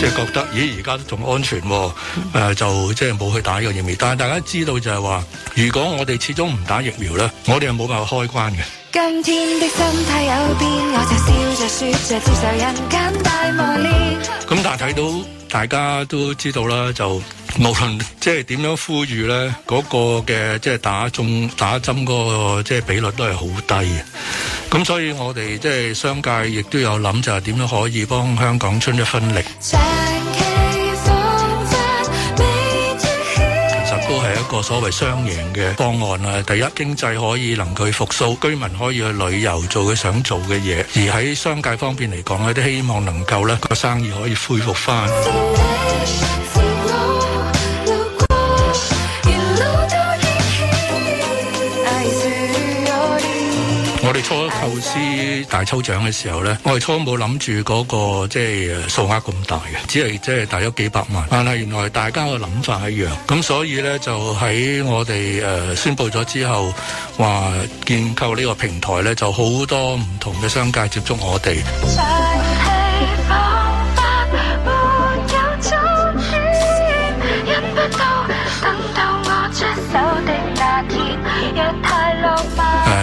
即係覺得咦，而家都仲安全喎？啊呃，就即係冇去打呢個疫苗。但係大家知道就係話，如果我哋始終唔打疫苗咧，我哋係冇辦法開關嘅。今天的心態有變我就笑着説着接受人間大磨練。咁但係睇到大家都知道啦，就無論即係點樣呼籲咧，嗰個嘅即係打中打針嗰個即係比率都係好低。咁所以我哋即係商界亦都有諗，就係點樣可以幫香港出一分力。其實都係一個所謂雙贏嘅方案啊。第一，經濟可以能夠復甦，居民可以去旅遊做佢想做嘅嘢；而喺商界方面嚟講咧，都希望能夠咧個生意可以恢復翻。我哋初一構思大抽獎嘅時候咧，我哋初冇諗住嗰個即係數額咁大嘅，只係即係大約幾百萬。但係原來大家嘅諗法係一樣，咁所以咧就喺我哋誒宣布咗之後，話建構呢個平台咧就好多唔同嘅商界接觸我哋。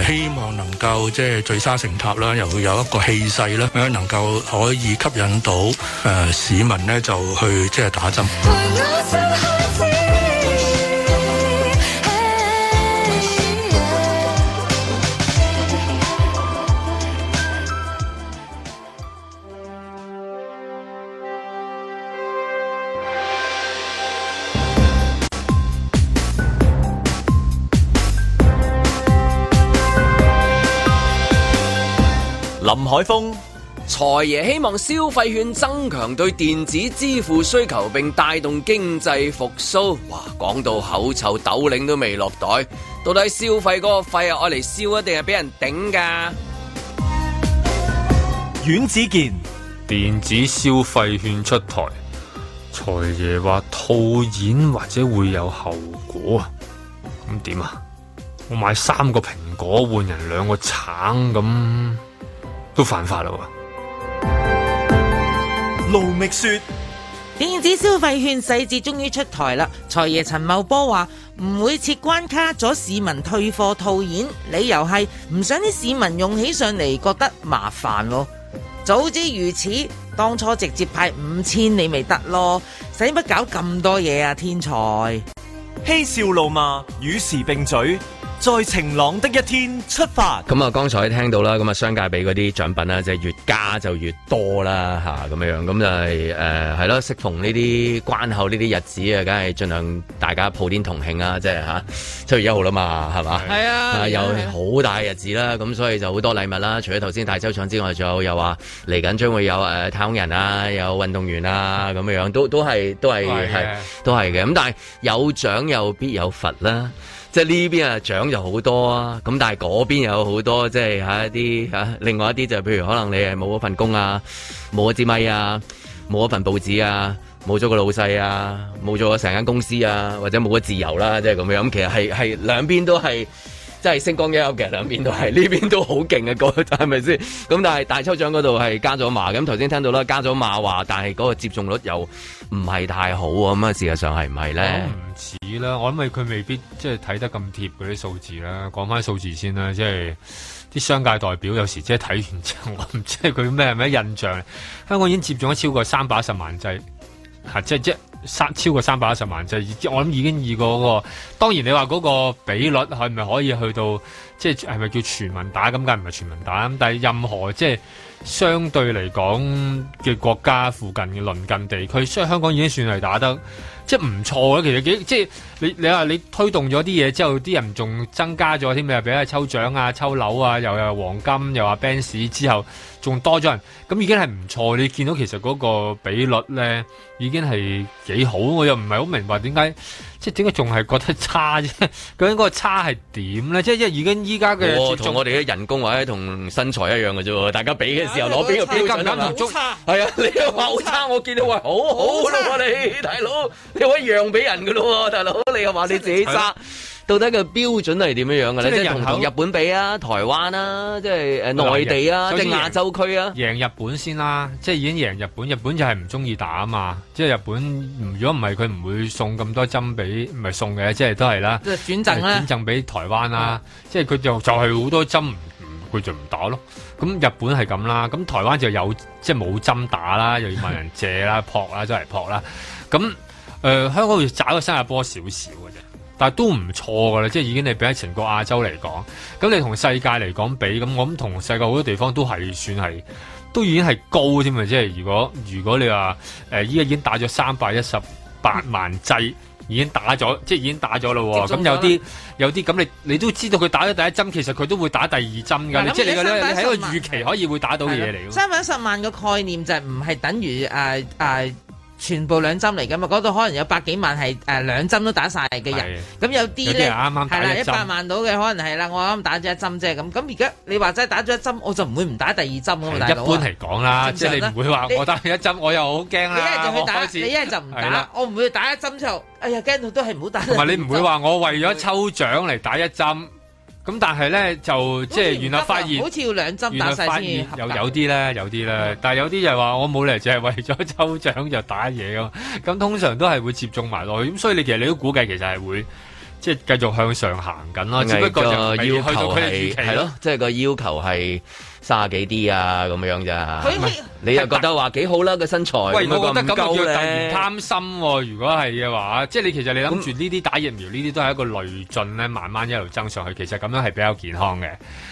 希望。夠即係聚沙成塔啦，又會有一個氣勢啦，咁樣能夠可以吸引到誒、呃、市民咧，就去即係打針。 林海峰，財爺希望消費券增強對電子支付需求，並帶動經濟復甦。哇，講到口臭，鬥領都未落袋，到底消費嗰個費係愛嚟燒啊，定係俾人頂噶？阮子健，電子消費券出台，財爺話套現或者會有後果啊？咁點啊？我買三個蘋果換人兩個橙咁。都犯法啦！盧覓雪，電子消費券細節終於出台啦。財爺陳茂波話唔會設關卡阻市民退貨套現，理由係唔想啲市民用起上嚟覺得麻煩。早知如此，當初直接派五千你咪得咯，使乜搞咁多嘢啊！天才，嬉笑怒罵，與時並嘴。在晴朗的一天出發。咁啊，剛才聽到啦，咁啊，商界俾嗰啲獎品啦，即係越加就越多啦，吓咁樣樣，咁、嗯、就係誒係咯。適、呃、逢呢啲關口呢啲日子啊，梗係盡量大家普天同慶啦，即係吓七月一號啦嘛，係嘛？係啊，啊，有好大日子啦，咁所以就好多禮物啦。除咗頭先大抽獎之外，仲有又話嚟緊將會有誒太空人啊，有運動員啊咁樣樣，都都係都係係的的都係嘅。咁但係有獎又必有罰啦。即係呢邊啊獎就好多，多啊，咁但係嗰邊有好多即係喺一啲另外一啲就是、譬如可能你冇咗份工啊，冇咗支咪啊，冇咗份報紙啊，冇咗個老細啊，冇咗成間公司啊，或者冇咗自由啦，啊，即係咁樣。咁其實係係兩邊都係。即係星光熠熠啦，邊都係呢邊都好勁嘅歌，係咪先？咁但係大抽獎嗰度係加咗碼，咁頭先聽到啦，加咗碼話，但係嗰個接種率又唔係太好，咁啊，事實上係唔係咧？唔止啦，我諗佢未必即係睇得咁貼嗰啲數字啦。講翻數字先啦，即係啲商界代表有時即係睇完之後，我唔知佢咩咩印象。香港已經接種咗超過三百一十萬劑，吓即係即。三超過三百一十萬啫，我諗已經二個嗰個。當然你話嗰個比率係咪可以去到，即係係咪叫全民打咁梗？唔係全民打，但係任何即係、就是、相對嚟講嘅國家附近嘅鄰近地區，雖然香港已經算係打得即係唔錯嘅。其實幾即係。你你話你推動咗啲嘢之後，啲人仲增加咗添，你又俾下抽獎啊、抽樓啊，又又黃金，又話 Benz 之後，仲多咗人，咁已經係唔錯。你見到其實嗰個比率咧，已經係幾好。我又唔係好明白點解，即係點解仲係覺得差啫？究竟嗰個差係點咧？即、就、係、是、已經依家嘅，哦、我同我哋嘅人工或者同身材一樣嘅啫。大家比嘅時候攞邊個邊個唔係啊，你話好差，差我見到話、哎、好好咯、啊，差你大佬，你可以讓俾人噶咯、啊，大佬。你又話你自己揸？到底個標準係點樣樣嘅咧？即係同同日本比啊，台灣啊，即係誒內地啊，即係亞洲區啊，贏，贏日本先啦，即係已經贏日本，日本就係唔中意打嘛，即係日本如果唔係佢唔會送咁多針俾，唔係送嘅，即係都係啦，轉贈啦，轉贈俾台灣啦，即係佢就就係好多針，唔佢就唔打咯。咁日本係咁啦，咁台灣就有即係冇針打啦，又要問人借啦，撲啦，真係撲啦，咁。誒、呃、香港要窄過新加坡少少嘅啫，但係都唔錯嘅啦，即係已經係比喺整個亞洲嚟講，咁你同世界嚟講比，咁我諗同世界好多地方都係算係，都已經係高添啊！即係如果如果你話誒依家已經打咗三百一十八萬劑，已經打咗，即係已經打咗喇喎，咁有啲有啲咁你你都知道佢打咗第一針，其實佢都會打第二針㗎，即係、啊、你你你喺個預期可以會打到嘅嘢嚟。三百一十萬個概念就係唔係等於、啊啊全部兩針嚟噶嘛，嗰度可能有百幾萬係誒、啊、兩針都打晒嘅人，咁的有啲咧係啦，一百萬到嘅可能係啦，我啱啱打咗一針啫咁，咁而家你話齋係打咗一針，我就唔會唔打第二針的、啊、一般嚟講啦，即係你唔會話我打一針你我又好驚啦。你一就去打，你一就唔打，的我唔會打一針之後，哎呀驚到都係唔好打。同埋你唔會話我為咗抽獎嚟打一針。咁但係咧就即係原來發現好似要兩針打曬先有啲咧，有啲咧，有呢有呢嗯、但係有啲就係人話我冇嚟，就係為咗抽獎就打嘢咯。咁通常都係會接種埋落去，咁所以你其實你都估計其實係會即係、就是、繼續向上行緊咯。只不過就去到期要求係係咯，即係、就是、個要求係。卅幾啲啊，咁樣咋？他你又覺得話幾是好啦？個身材喂，我覺得咁樣叫唔貪心喎、啊。如果係嘅話，那即係你其實你諗住呢啲打疫苗呢啲都係一個累進咧，慢慢一路增上去。其實咁樣係比較健康嘅，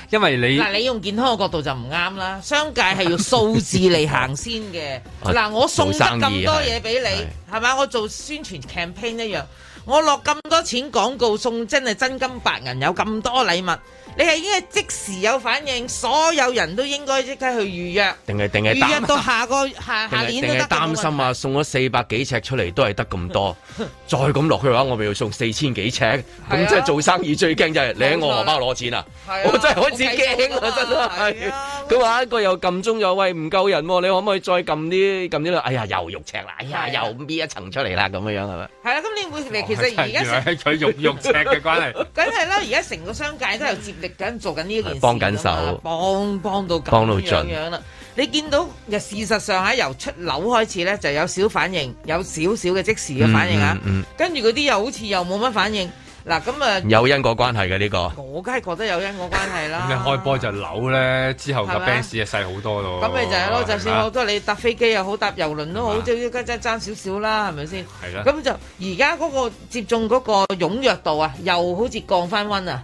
因為你嗱，你用健康嘅角度就唔啱啦。商界係要數字嚟行先嘅嗱， 我送得咁多嘢俾你係咪、啊？我做宣傳 campaign 一樣，我落咁多錢廣告送真係真金白銀，有咁多禮物。你係已經係即時有反應，所有人都應該即刻去預約，定係定係預約到下個下下年都得。擔心啊，送咗四百幾尺出嚟都係得咁多， 再咁落去嘅話，我咪要送四千幾尺，咁即係做生意最驚就係你喺我荷包攞錢啊！我真係開始驚啦，真係。佢話一個又撳鐘又喂唔夠人喎、啊，你可唔可以再撳啲撳啲？哎呀，又肉赤啦，哎呀，啊、又搣一層出嚟啦，咁嘅樣係咪？係啦，咁、啊、你會真其實而家成佢肉肉赤嘅關係 ，梗係啦，而家成個商界都有接。緊做緊呢一件事咯，幫緊手，幫幫到緊幫到盡樣樣啦。你見到又事實上喺由出樓開始咧，就有少反應，有少少嘅即時嘅反應啊。跟住嗰啲又好似又冇乜反應。嗱咁啊，有因果關係嘅呢個，我梗係覺得有因果關係啦。開波就扭咧，之後個 fans 又細好多咯。咁咪就係咯，就算好多你搭飛機又好，搭遊輪都好，即係都加增爭少少啦，係咪先？係啦。咁就而家嗰個接種嗰個踴躍度啊，又好似降翻溫啊。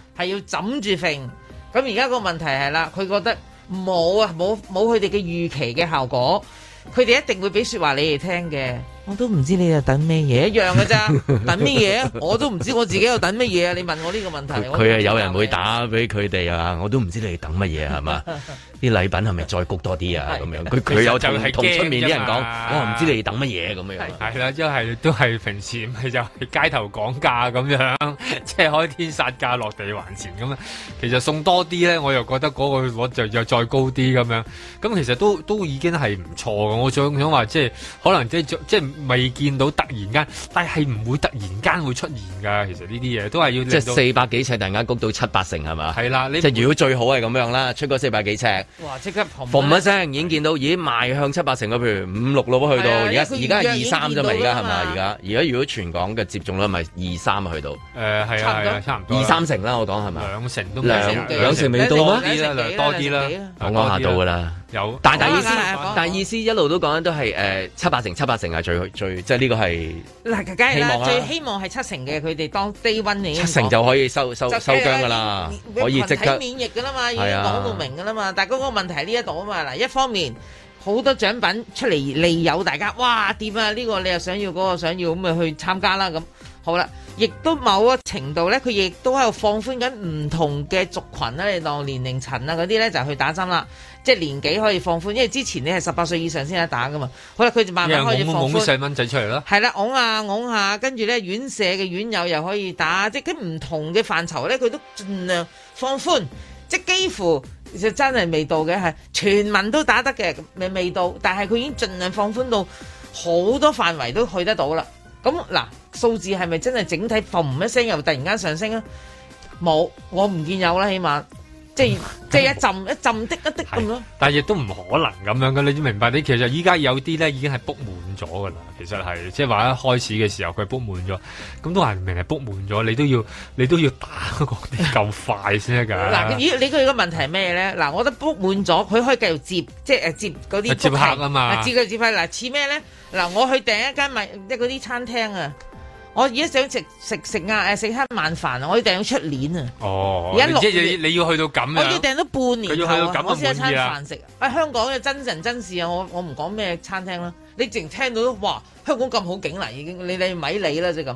係要枕住瞓，咁而家個問題係啦，佢覺得冇啊，冇冇佢哋嘅預期嘅效果，佢哋一定會俾說話你哋聽嘅。我都唔知你哋等咩嘢，一樣噶咋？等咩嘢啊我都唔知我自己喺度等乜嘢啊你問我呢個問題，佢係有人會打俾佢哋啊？我都唔知你哋等乜嘢係嘛？啲禮品係咪再谷多啲啊？咁樣佢佢又就同出面啲人講，我唔知你等乜嘢咁樣係啦，即係、就是、都係平時咪就是、街頭講價咁樣，即係開天殺價落地還錢，咁樣其實送多啲咧，我又覺得嗰、嗰個我、嗰個、就又再高啲咁樣，咁其實都都已經係唔錯嘅。我仲想話即係可能即係即係未見到突然間，但係唔會突然間會出現㗎。其實呢啲嘢都係要即係四百幾尺突然間谷到七八成係嘛？係啦，即係如果最好係咁樣啦，出嗰四百幾尺。哇！即刻嘭一聲已經見到，已經邁向七八成咯，譬如五六咯，去到而家而家二三啫嘛，而家係咪而家而家如果全港嘅接種率咪二三去到？誒係啊，係啊，差唔多二三成啦，我講係咪啊？兩成都兩兩成未到多啲啦，兩多啲啦，我講下到㗎啦。有，但係意思，但係意思一路都講緊都係誒、呃、七八成，七八成係最最，即係呢個係嗱，梗係啦，希最希望係七成嘅佢哋當低運你七成就可以收收收姜㗎啦，可以即刻免疫㗎啦嘛，已經講到明㗎啦嘛，是啊、但係嗰個問題係呢一度啊嘛，嗱，一方面好多獎品出嚟利誘大家，哇！掂啊，呢、這個你又想要嗰、那個想要咁咪去參加啦咁。好啦，亦都某個程度咧，佢亦都喺度放寬緊唔同嘅族群啦，你當年齡層啊嗰啲咧就去打針啦，即係年紀可以放寬，因為之前你係十八歲以上先得打噶嘛。好啦，佢就慢慢開始放寬。因細蚊仔出嚟啦。係、嗯、啦，㧬、嗯、下，㧬、嗯、下，跟住咧，院舍嘅院友又可以打，即係唔同嘅範疇咧，佢都盡量放寬，即係幾乎就真係未到嘅係全民都打得嘅未未到，但係佢已經盡量放寬到好多範圍都去得到啦。咁嗱，數字係咪真係整體嘭一聲又突然間上升啊？冇，我唔見有啦，起碼。即係、嗯、一浸不一浸的，的，一滴咁咯，樣但係亦都唔可能咁樣噶，你明白？你其實依家有啲咧已經係 book 滿咗噶啦，其實係即係話一開始嘅時候佢 book 滿咗，咁都係明明 book 滿咗，你都要你都要打嗰啲夠快先得噶。嗱， 依你佢個問題係咩咧？嗱，我覺得 book 滿咗，佢可以繼續接，即係誒、啊、接嗰啲接客啊嘛，啊接佢接客，嗱、啊，似咩咧？嗱，我去訂一間咪即係嗰啲餐廳啊。我而家想食食食啊！誒食餐晚飯啊！我要訂到出年啊！哦、oh，而家六月你要去到咁、啊，我要訂到半年頭啊！要去到啊我先一餐飯食啊、哎！香港嘅真人真事啊！我我唔講咩餐廳啦，你直情聽到都哇！香港咁好景嚟，已經你你咪理啦，即咁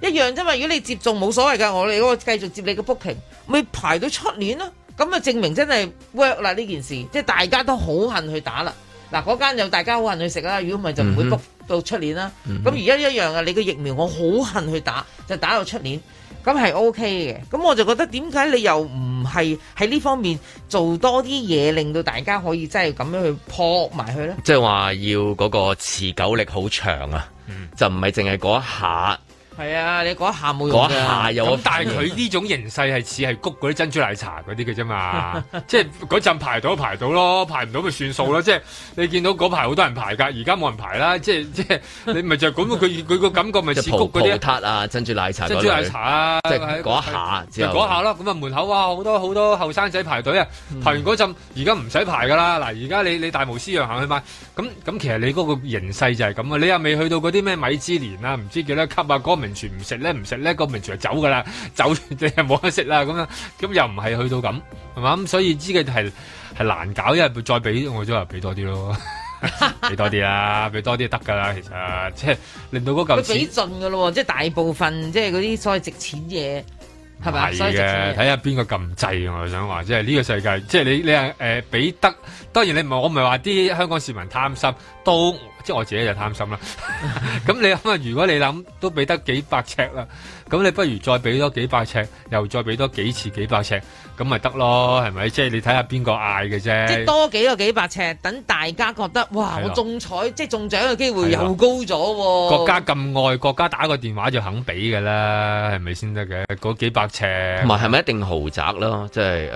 一樣啫嘛！如果你接種冇所謂㗎，我你我繼續接你嘅 booking，咪排到出年咯！咁啊證明真係 work 啦呢件事，即係大家都好恨去打啦！嗱嗰間又大家好恨去食啊！如果唔係就唔會 book、mm。Hmm. 到出年啦，咁而家一樣啊！你個疫苗我好恨去打，就打到出年，咁係 OK 嘅。咁我就覺得點解你又唔係喺呢方面做多啲嘢，令到大家可以真係咁樣去撲埋佢呢？即係話要嗰個持久力好長啊，就唔係淨係嗰一下。係啊，你嗰一下冇用㗎，咁但係佢呢種形勢係似係谷嗰啲珍珠奶茶嗰啲嘅啫嘛， 即係嗰陣排到排到咯，排唔到咪算數咯， 即係你見到嗰排好多人排㗎，而家冇人排啦，即係即係你咪就係咁佢佢個感覺咪似谷嗰啲撻啊，珍珠奶茶、珍珠奶茶啊，即係嗰一下之後，嗰下咯，咁啊門口啊，好多好多後生仔排隊啊，嗯、排完嗰陣而家唔使排㗎啦，嗱而家你你大模斯樣行去買，咁咁其實你嗰個形勢就係咁啊，你又未去到嗰啲咩米芝蓮啊，唔知幾多級啊，完全唔食咧，唔食咧，個名廚就走噶啦，走就冇得食啦，咁樣，樣，咁又唔係去到咁，係嘛？咁所以呢個係係難搞，因為再俾我咗又俾多啲咯，俾 多啲啦，俾 多啲得噶啦，其實即係令到嗰嚿錢。俾盡噶咯，即係、就是、大部分，即係嗰啲所謂值錢嘢，係咪？係嘅，睇下邊個咁滯，我就想話，即係呢個世界，即係你你誒俾、呃、得，當然你唔係我唔係話啲香港市民貪心，到。即係我自己就貪心啦，咁你諗啊？如果你諗都俾得幾百尺啦。咁你不如再俾多幾百尺，又再俾多幾次幾百尺，咁咪得咯，係咪？即係你睇下邊個嗌嘅啫。即係多幾個幾百尺，等大家覺得哇，我中彩，即係中獎嘅機會又高咗。國家咁愛國家，打個電話就肯俾嘅啦，係咪先得嘅？嗰幾百尺同埋係咪一定豪宅咯？即係誒，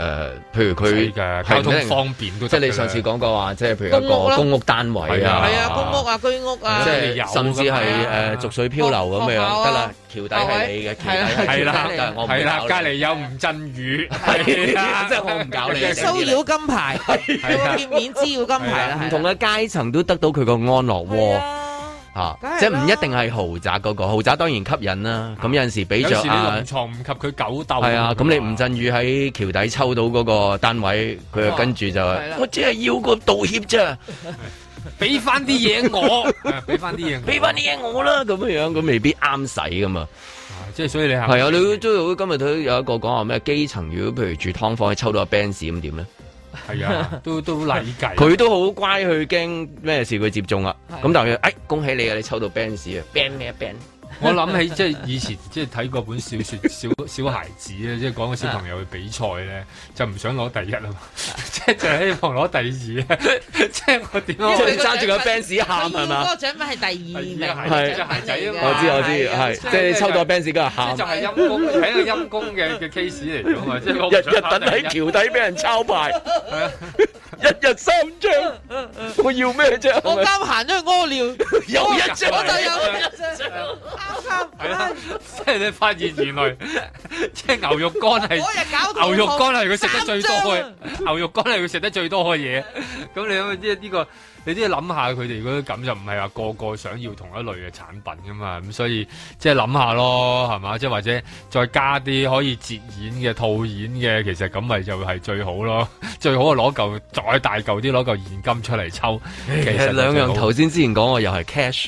譬如佢交通方便嘅。即係你上次講過話，即係譬如一個公屋單位啊，係啊，公屋啊，居屋啊，即係甚至係誒，濁水漂流咁樣得啦，橋底係。係啦，係啦，我啦，隔籬有吳鎮宇，係啦，真係好唔搞你。騷擾金牌，有冇見面資料金牌？唔同嘅階層都得到佢個安樂喎，即係唔一定係豪宅嗰個，豪宅當然吸引啦。咁有陣時俾著啊，龍床唔及佢狗竇。係啊，咁你吳鎮宇喺橋底抽到嗰個單位，佢就跟住就，我只係要個道歉啫，俾翻啲嘢我，俾翻啲嘢，俾翻啲嘢我啦，咁樣樣咁未必啱使噶嘛。即係所以你係啊！ 你都今日都有一個講話咩？基層如果譬如住劏房，你抽到個 Benz 咁點咧？係啊的， 都解 都例計。佢都好乖，去驚咩事？佢接種啊！咁的但係，哎，恭喜你啊！你抽到 Benz 啊 Benz 咩啊 Benz 我諗起即係以前即係睇過本小說小孩 說小孩子咧，即係講個小朋友去比賽咧，就唔想攞第一啊，即係就希望攞第二咧，即係 我點攞？揸住個 b a n s 喊係嘛？嗰個獎品係第二名，是名我知道我知道，即係、哎、抽到 b 個 b a n s 個喊， 就係陰公，係一個陰公嘅嘅 case 嚟咗嘛？即我日日等喺橋底俾人抄牌， 一日三張，我要咩啫？我啱行咗去屙尿，又一張，我就有一一。 係啊，即係你發現原來即係牛肉乾係牛肉乾係佢食得最多嘅， 牛肉乾係佢食得最多嘅嘢。咁 你諗即係呢個，你都要諗下佢哋如果咁就唔係話個個想要同一類嘅產品噶嘛。咁所以即係諗下咯，係嘛？即係或者再加啲可以折現嘅套現嘅，其實咁咪就係最好咯。 最好啊，攞嚿再大嚿啲攞嚿現金出嚟抽。其實兩樣頭先之前講我又係 cash。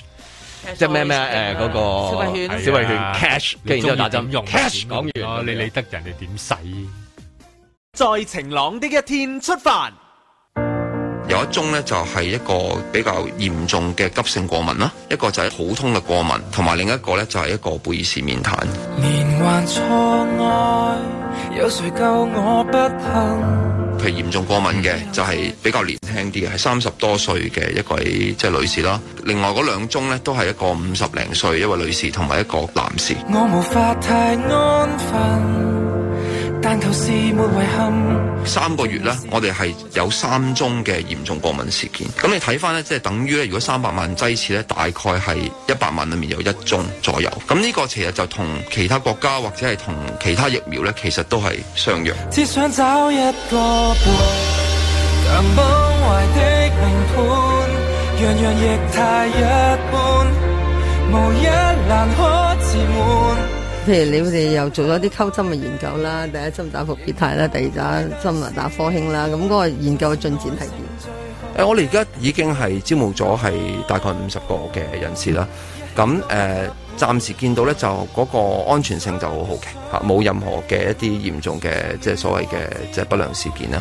即係咩咩誒嗰個小衛犬，小衛犬 cash，跟住打針用。cash 講完，你理得人哋點使？在晴朗的一天出發。有一宗咧，就係一個比較嚴重嘅急性過敏啦，一個就係普通嘅過敏，同埋另一個咧就係一個貝爾氏面癱。有誰救我不幸？佢嚴重過敏嘅就係、是、比較年輕啲嘅，係三十多歲嘅一位即係、就是、女士啦。另外嗰兩宗呢，都係一個五十零歲一位女士同埋一個男士。我無法太安分，但是沒遺憾。三個月呢，我哋係有三宗嘅嚴重過敏事件。咁你睇翻呢，即係等於咧，如果三百萬劑次呢，大概係一百萬裏面有一宗左右。咁呢個其實就同其他國家或者係同其他疫苗呢，其實都係相若。只想找一個伴，強崩壞的命盤，樣樣亦太一般，無一難可自滿。譬如你哋又做咗啲溝針嘅研究啦，第一針打復必泰啦，第二針呢打科興啦，咁嗰個研究嘅進展係點？誒，我哋而家已經係招募咗係大概五十個嘅人士啦，咁誒暫時見到呢就嗰個安全性就好好嘅㗎，冇任何嘅一啲嚴重嘅即係所謂嘅即係不良事件啦。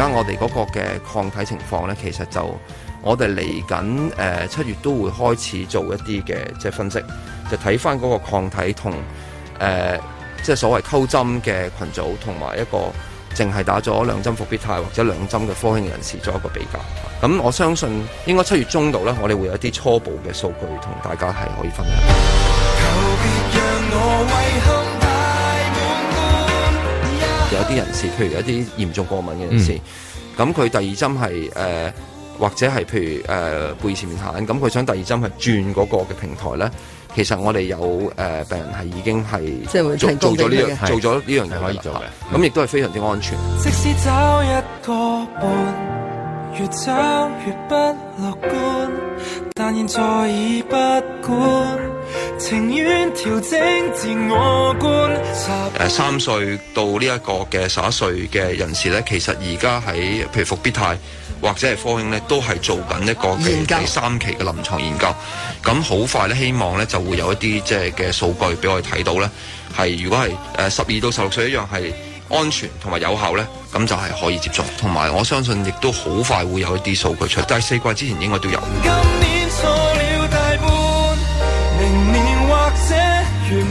而家我哋嗰個嘅抗體情況咧，其實就我哋嚟緊誒七月都會開始做一啲嘅即係分析，就睇翻嗰個抗體同誒即係所謂溝針嘅群組，同埋一個淨係打咗兩針復必泰，或者兩針嘅科興人士做一個比較。咁我相信應該七月中度咧，我哋會有一啲初步嘅數據同大家係可以分享。有啲人士，譬如有啲嚴重過敏嘅人士，咁佢、嗯、第二針係誒、呃，或者係譬如誒、呃、背前面行，咁佢想第二針係轉嗰個嘅平台咧。其實我哋有誒、呃、病人係已經係做咗呢樣，做咗呢樣嘢可以做咁亦、嗯、都係非常之安全。即使走一個越走越不樂觀，但現在，在已不管。嗯情調整自我誒、呃，三歲到呢一個嘅十一歲嘅人士呢，其實而家喺譬如復必泰或者係科興呢，都係做緊一個嘅三期嘅臨床研究。咁好究快呢，希望呢就會有一啲即係嘅數據俾我哋睇到呢。係如果係誒十二到十六歲一樣係安全同埋有效呢，咁就係可以接種，同埋我相信亦都好快會有一啲數據出，但係第四季之前應該都有。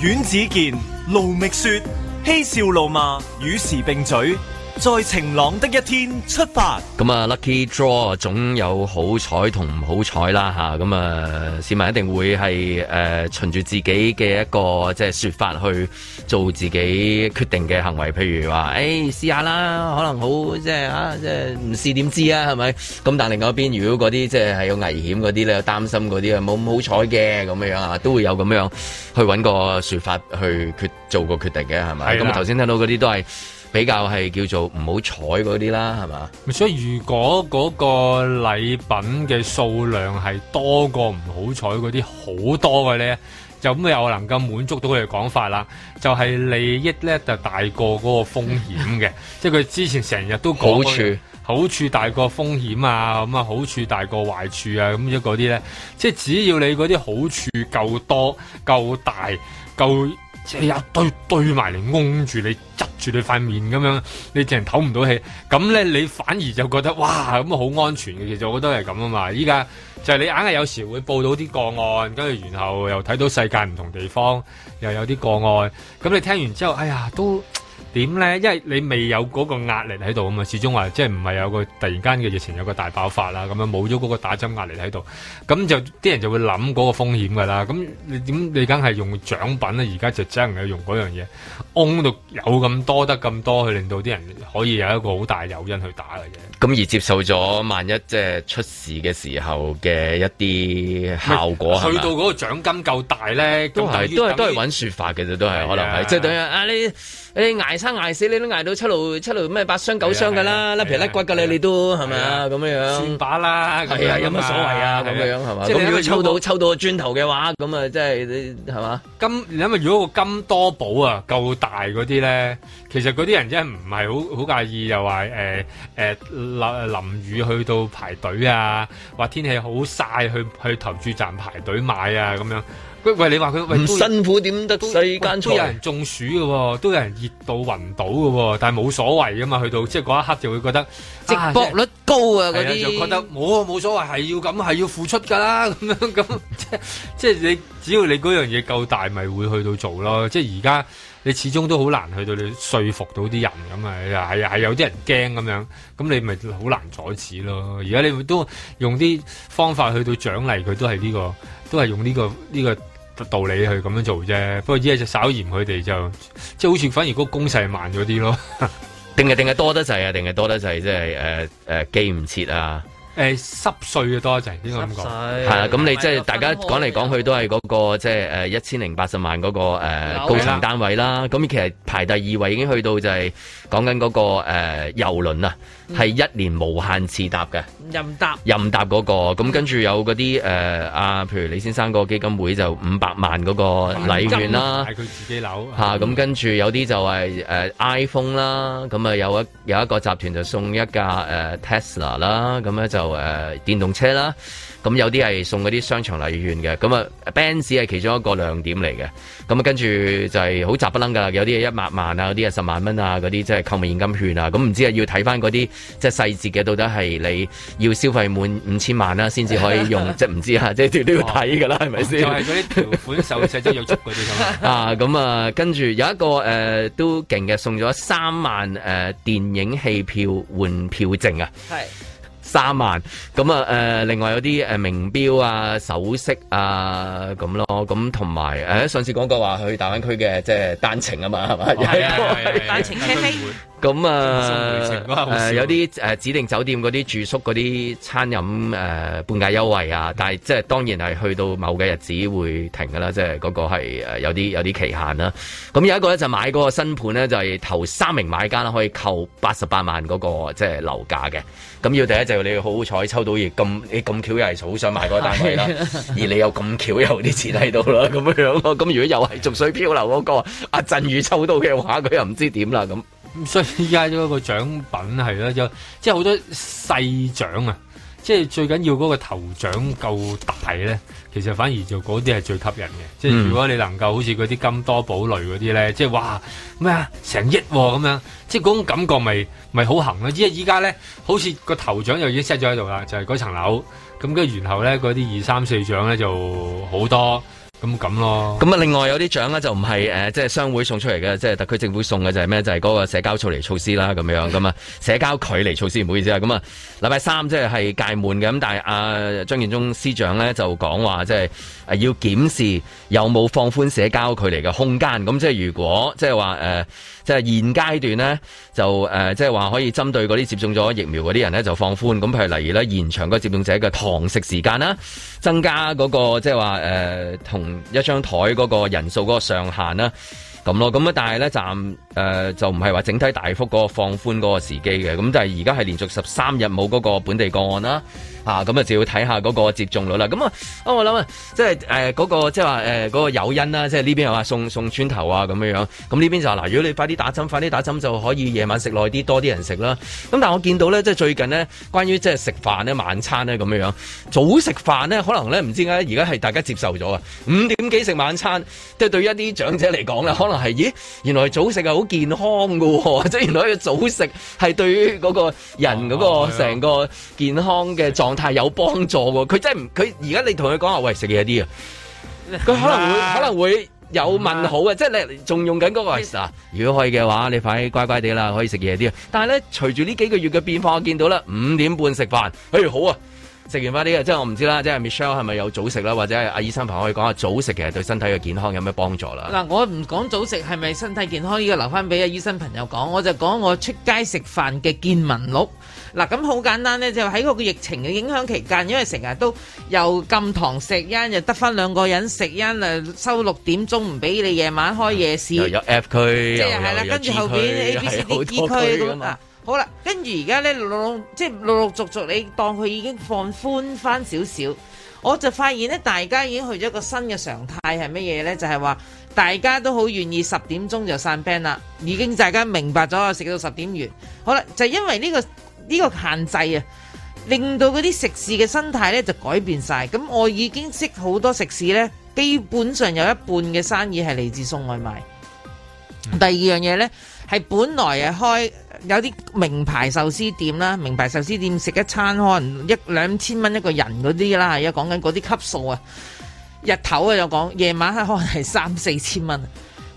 阮子健盧覓雪，嬉笑怒罵，與時並嘴。在晴朗的一天出發，咁啊，lucky draw 總有好彩同唔好彩啦，吓咁啊，市民一定會係誒、呃，循住自己嘅一個即係、就是、說法去做自己決定嘅行為，譬如話誒，試、哎、下啦，可能好即係啊，即係唔試點知啊，係咪？咁但另外一邊，如果嗰啲即係係有危險嗰啲咧，擔心嗰啲啊，冇唔好彩嘅咁樣啊，都會有咁樣去揾個說法去決做個決定嘅，係咪？咁啊的，頭先聽到嗰啲都係。比較係叫做唔好彩嗰啲啦，係嘛？咪所以如果嗰個禮品嘅數量係多過唔好彩嗰啲好多嘅咧，就咁又能夠滿足到佢嘅講法啦。就係、是、利益咧就大過嗰個風險嘅， 即係佢之前成日都講好，處好處大過風險啊，咁啊好處大過壞處啊，咁即嗰啲咧，即係只要你嗰啲好處夠多、夠大、夠。就一堆一堆埋嚟，擁住你，窒住你塊面咁樣，你淨係唞唔到氣。咁咧，你反而就覺得哇，咁啊好安全嘅。其實我覺得係咁啊嘛。依家就係、是、你硬係有時會報到啲個案，跟住然後又睇到世界唔同地方又有啲個案。咁你聽完之後，哎呀都～點咧？因為你未有嗰個壓力喺度啊嘛，始終話即係唔係有個突然間嘅疫情有個大爆發啦，咁樣冇咗嗰個打針壓力喺度，咁就啲人就會諗嗰個風險噶啦。咁你點？你梗係用獎品啦，而家就只能有用嗰樣嘢，翁到有咁多得咁多，去令到啲人可以有一個好大誘因去打嘅啫。咁而接受咗萬一即係出事嘅時候嘅一啲效果，去到嗰個獎金夠大咧是，都係都係都係搵說法嘅啫，都係是、啊、可能係即係等於啊你捱生捱死，你都捱到七路七路，咩八傷九傷噶啦，甩皮甩骨噶啦，你都係咪啊咁樣？算把啦，係啊，有乜所謂啊咁樣係嘛？即係如果抽到抽到個磚頭嘅話，咁啊即係你係嘛？金因為如果個金多寶啊夠大嗰啲咧，其實嗰啲人真係唔係好好介意，又話誒誒淋雨去到排隊啊，話天氣好曬，去去投注站排隊買啊咁樣。喂，你話佢喂，唔辛苦點得世間都，都有人中暑嘅喎，都有人熱到暈倒嘅喎，但係冇所謂噶嘛，去到即係嗰一刻就會覺得直播率高啊嗰啲，就覺得冇啊，冇所謂，係要咁係要付出噶啦咁樣咁，即係即係你只要你嗰樣嘢夠大，咪會去到做咯。即係而家你始終都好難去到你說服到啲人咁啊，係係有啲人驚咁樣，咁你咪好難阻止咯。而家你都用啲方法去到獎勵佢，都係呢個，都係用呢個呢個。這個道理去咁樣做啫，不過依家就稍嫌佢哋就即係好似反而個攻勢慢咗啲咯。定係定係多得滯啊？定係多得滯？即係誒誒記唔切啊？誒、啊欸、濕碎啊多得滯，應該咁講。係碎啊，咁你即係大家講嚟講去都係嗰、那個即係誒一千零八十萬嗰、那個、呃、高層單位啦。咁其實排第二位已經去到就係、是、講緊嗰、那個誒遊、呃、輪啊。係一年無限次搭嘅，任、嗯、搭任搭嗰個。咁跟住有嗰啲誒，啊、呃、譬如李先生個基金會就五百萬嗰個禮券啦，係佢自己攞吓。咁跟住有啲就係、是呃、iPhone 啦、啊，咁、嗯、啊有一有一個集團就送一架誒、呃、Tesla 啦、啊，咁咧就誒、呃、電動車啦。咁、啊嗯、有啲係送嗰啲商場禮券嘅。咁啊 Benz 係其中一個亮點嚟嘅。咁啊，跟住就係好雜不楞㗎。有啲係一百萬啊，有啲係十萬蚊啊，嗰啲即係購物現金券啊。咁唔知啊，要睇翻嗰啲。即係細節嘅，到底係你要消費滿五千萬啦，先至可以用， 即係唔知吓，即係都要睇噶啦，係咪先？就係嗰啲條款手寫得又足嗰啲咯。 要的啊，咁啊，跟住有一個誒、呃、都勁嘅，送咗三萬誒、呃、電影戲票換票證啊，係三是萬。咁啊誒，另外有啲誒名表啊、首飾啊咁咯，咁同埋誒上次講過話去大灣區嘅即係單程啊嘛，係嘛？係啊，單程 K K 咁啊，啊有啲誒指定酒店嗰啲住宿、嗰啲餐飲誒、呃、半價優惠啊！但係即係當然係去到某嘅日子會停噶啦，即係嗰、那個係、呃、有啲有啲期限啦。咁、嗯、有一個咧就買嗰個新盤咧，就係、是、頭三名買家啦，可以扣八十八萬嗰、那個即係樓價嘅。咁、嗯、要第一就你要好彩抽到嘢，咁你咁巧又係好想買嗰個單位啦， 而你又咁巧有啲錢喺度啦，咁樣咯。咁如果又係逐水漂流嗰、那個阿振、啊、宇抽到嘅話，佢又唔知點啦咁。咁所以依家嗰個獎品係咧，有即係好多細獎啊！即係最緊要嗰個頭獎夠大咧，其實反而就嗰啲係最吸引嘅。嗯、即係如果你能夠好似嗰啲金多寶類嗰啲咧，即係哇咩啊成億咁、啊、樣，即係嗰種感覺咪、就、咪、是就是、好行咯。因為依家咧，好似個頭獎又已經 set 咗喺度啦，就係、是、嗰層樓。咁跟住然後咧，嗰啲二三四獎咧就好多。咁咁咯。咁啊，另外有啲獎咧就唔係即係商會送出嚟嘅，即係特區政府送嘅就係咩？就係嗰個社交措離措施啦，咁樣咁啊，社交距離措施唔 好意思啊。咁啊，禮拜三即係係屆滿嘅，咁但係阿張建宗司長咧就講話，即係要檢視有冇放寬社交距離嘅空間。咁即係如果即係話誒。呃即係現階段咧，就誒即係話可以針對嗰啲接種咗疫苗嗰啲人咧，就放寬。咁譬如例如咧，延長嗰個接種者嘅堂食時間啦，增加嗰、嗰個即係話誒同一張台嗰個人數嗰個上限啦，咁咯。咁啊，但係咧暫誒就唔係話整體大幅嗰個放寬嗰個時機嘅。咁但係而家係連續十三日冇嗰個本地個案啦。咁啊就要睇下嗰個接種率啦。咁啊，我諗啊，即係誒嗰個即係話誒嗰個誘因啦，即係呢邊有話送送磚頭啊咁樣樣。咁呢邊就話嗱，如果你快啲打針，快啲打針就可以夜晚食耐啲，多啲人食啦。咁但係我見到咧，即係最近咧，關於即係食飯咧、晚餐咧咁樣樣早食飯咧，可能咧唔知點解而家係大家接受咗啊。五點幾食晚餐，即係對於一啲長者嚟講咧，可能係咦，原來早食係好健康噶喎，即係原來早食係對於嗰個人嗰個成個健康嘅狀態。啊。係有幫助喎，佢真係唔佢而家你同佢講話，喂，食嘢啲啊，佢可能會、啊、可能會有問號啊。即那個」即係你仲用緊嗰個係啊，如果可以嘅話，你快乖乖哋啦，可以食嘢啲啊。但係咧，隨住呢幾個月嘅變化，我見到啦，五點半食飯，哎、欸，好啊，食完快啲啊。即係我唔知啦，即係 Michelle 係咪有早食啦，或者阿醫生朋友可以講下早食其實對身體嘅健康有咩幫助啦？嗱，我唔講早食係咪身體健康呢個留翻俾阿醫生朋友講，我就講我出街食飯嘅見聞錄。嗱咁好簡單呢，就喺、是、嗰個疫情嘅影響期間，因為成日都又禁堂食，因又得翻兩個人食，因啊收六點鐘唔俾你夜晚開夜市，又有 F 區，又係啦，跟住的後邊 A、B、C、D 區咁啊，好啦，跟住而家呢，即係陸陸續續、就是，你當佢已經放寬翻少少，我就發現呢，大家已經去咗一個新嘅常態係乜嘢呢？就係、是、話大家都好願意十點鐘就散 band 啦，已經大家明白咗食到十點完，好啦，就是、因為呢、這個。呢個限制啊，令到嗰啲食肆嘅生態呢就改變晒。咁我已經識好多食肆呢，基本上有一半嘅生意係嚟自送外賣。嗯、第二樣嘢呢，係本來係開有啲名牌壽司店啦，名牌壽司店食一餐可能一兩千蚊一個人嗰啲啦，而家講緊嗰啲級數啊，日頭啊就講，夜晚黑可能係三四千蚊。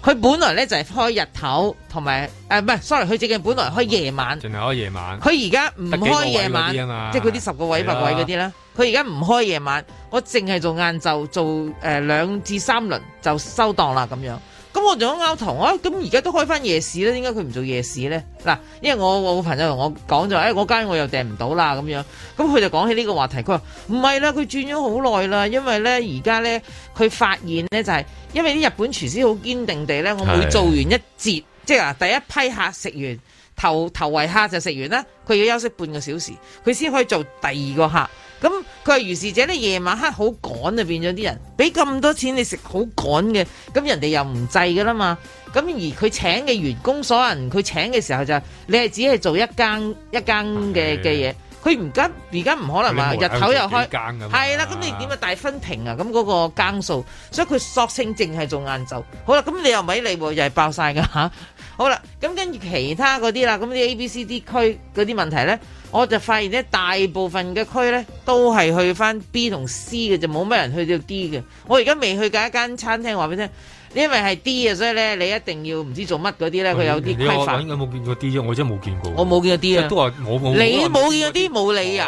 佢本來咧就係開日頭同埋誒，唔係，sorry，佢正經本來開夜晚，淨係開夜晚。佢而家唔開夜晚，得幾個位嗰啲啊嘛，即係佢啲十個位八個位嗰啲啦。佢而家唔開夜晚，我淨係做晏晝做誒兩、呃、至三輪就收檔啦咁樣。咁我仲咗拗糖啊！咁而家都開翻夜市啦，點解佢唔做夜市呢？嗱，因為我我個朋友同我講就誒，我、哎、間我又訂唔到啦咁樣，咁佢就講起呢個話題，佢話唔係啦，佢轉咗好耐啦，因為呢，而家呢，佢發現呢，就係、是、因為啲日本廚師好堅定地呢，我每做完一節，是即係第一批客食完頭頭位客就食完啦，佢要休息半個小時，佢先可以做第二個客。咁佢係如是者咧，夜晚黑好趕啊，變咗啲人俾咁多錢你食好趕嘅，咁人哋又唔制噶啦嘛。咁而佢請嘅員工所有人，佢請嘅時候就是、你係只係做一間一間嘅嘅嘢，佢唔而家而家唔可能啊，話日頭又開，係啦，咁你點啊大分屏啊？咁嗰個更數，所以佢索性淨係做晏晝。好啦，咁你又唔喺你喎，又係爆晒噶吓，好啦，咁跟住其他嗰啲啦，咁啲 A、B、C、D 區嗰啲問題咧。我就發現咧，大部分嘅區咧都係去翻 B 同 C 嘅，就冇乜人去到 D 嘅。我而家未去緊一間餐廳，話俾你聽，因為係 D 啊，所以咧你一定要唔知做乜嗰啲咧，佢、嗯、有啲規範。你我應該冇見過 D 啫，我真係冇見過。我冇見過 D 啊！都話我冇。我你冇見過 D 冇理由。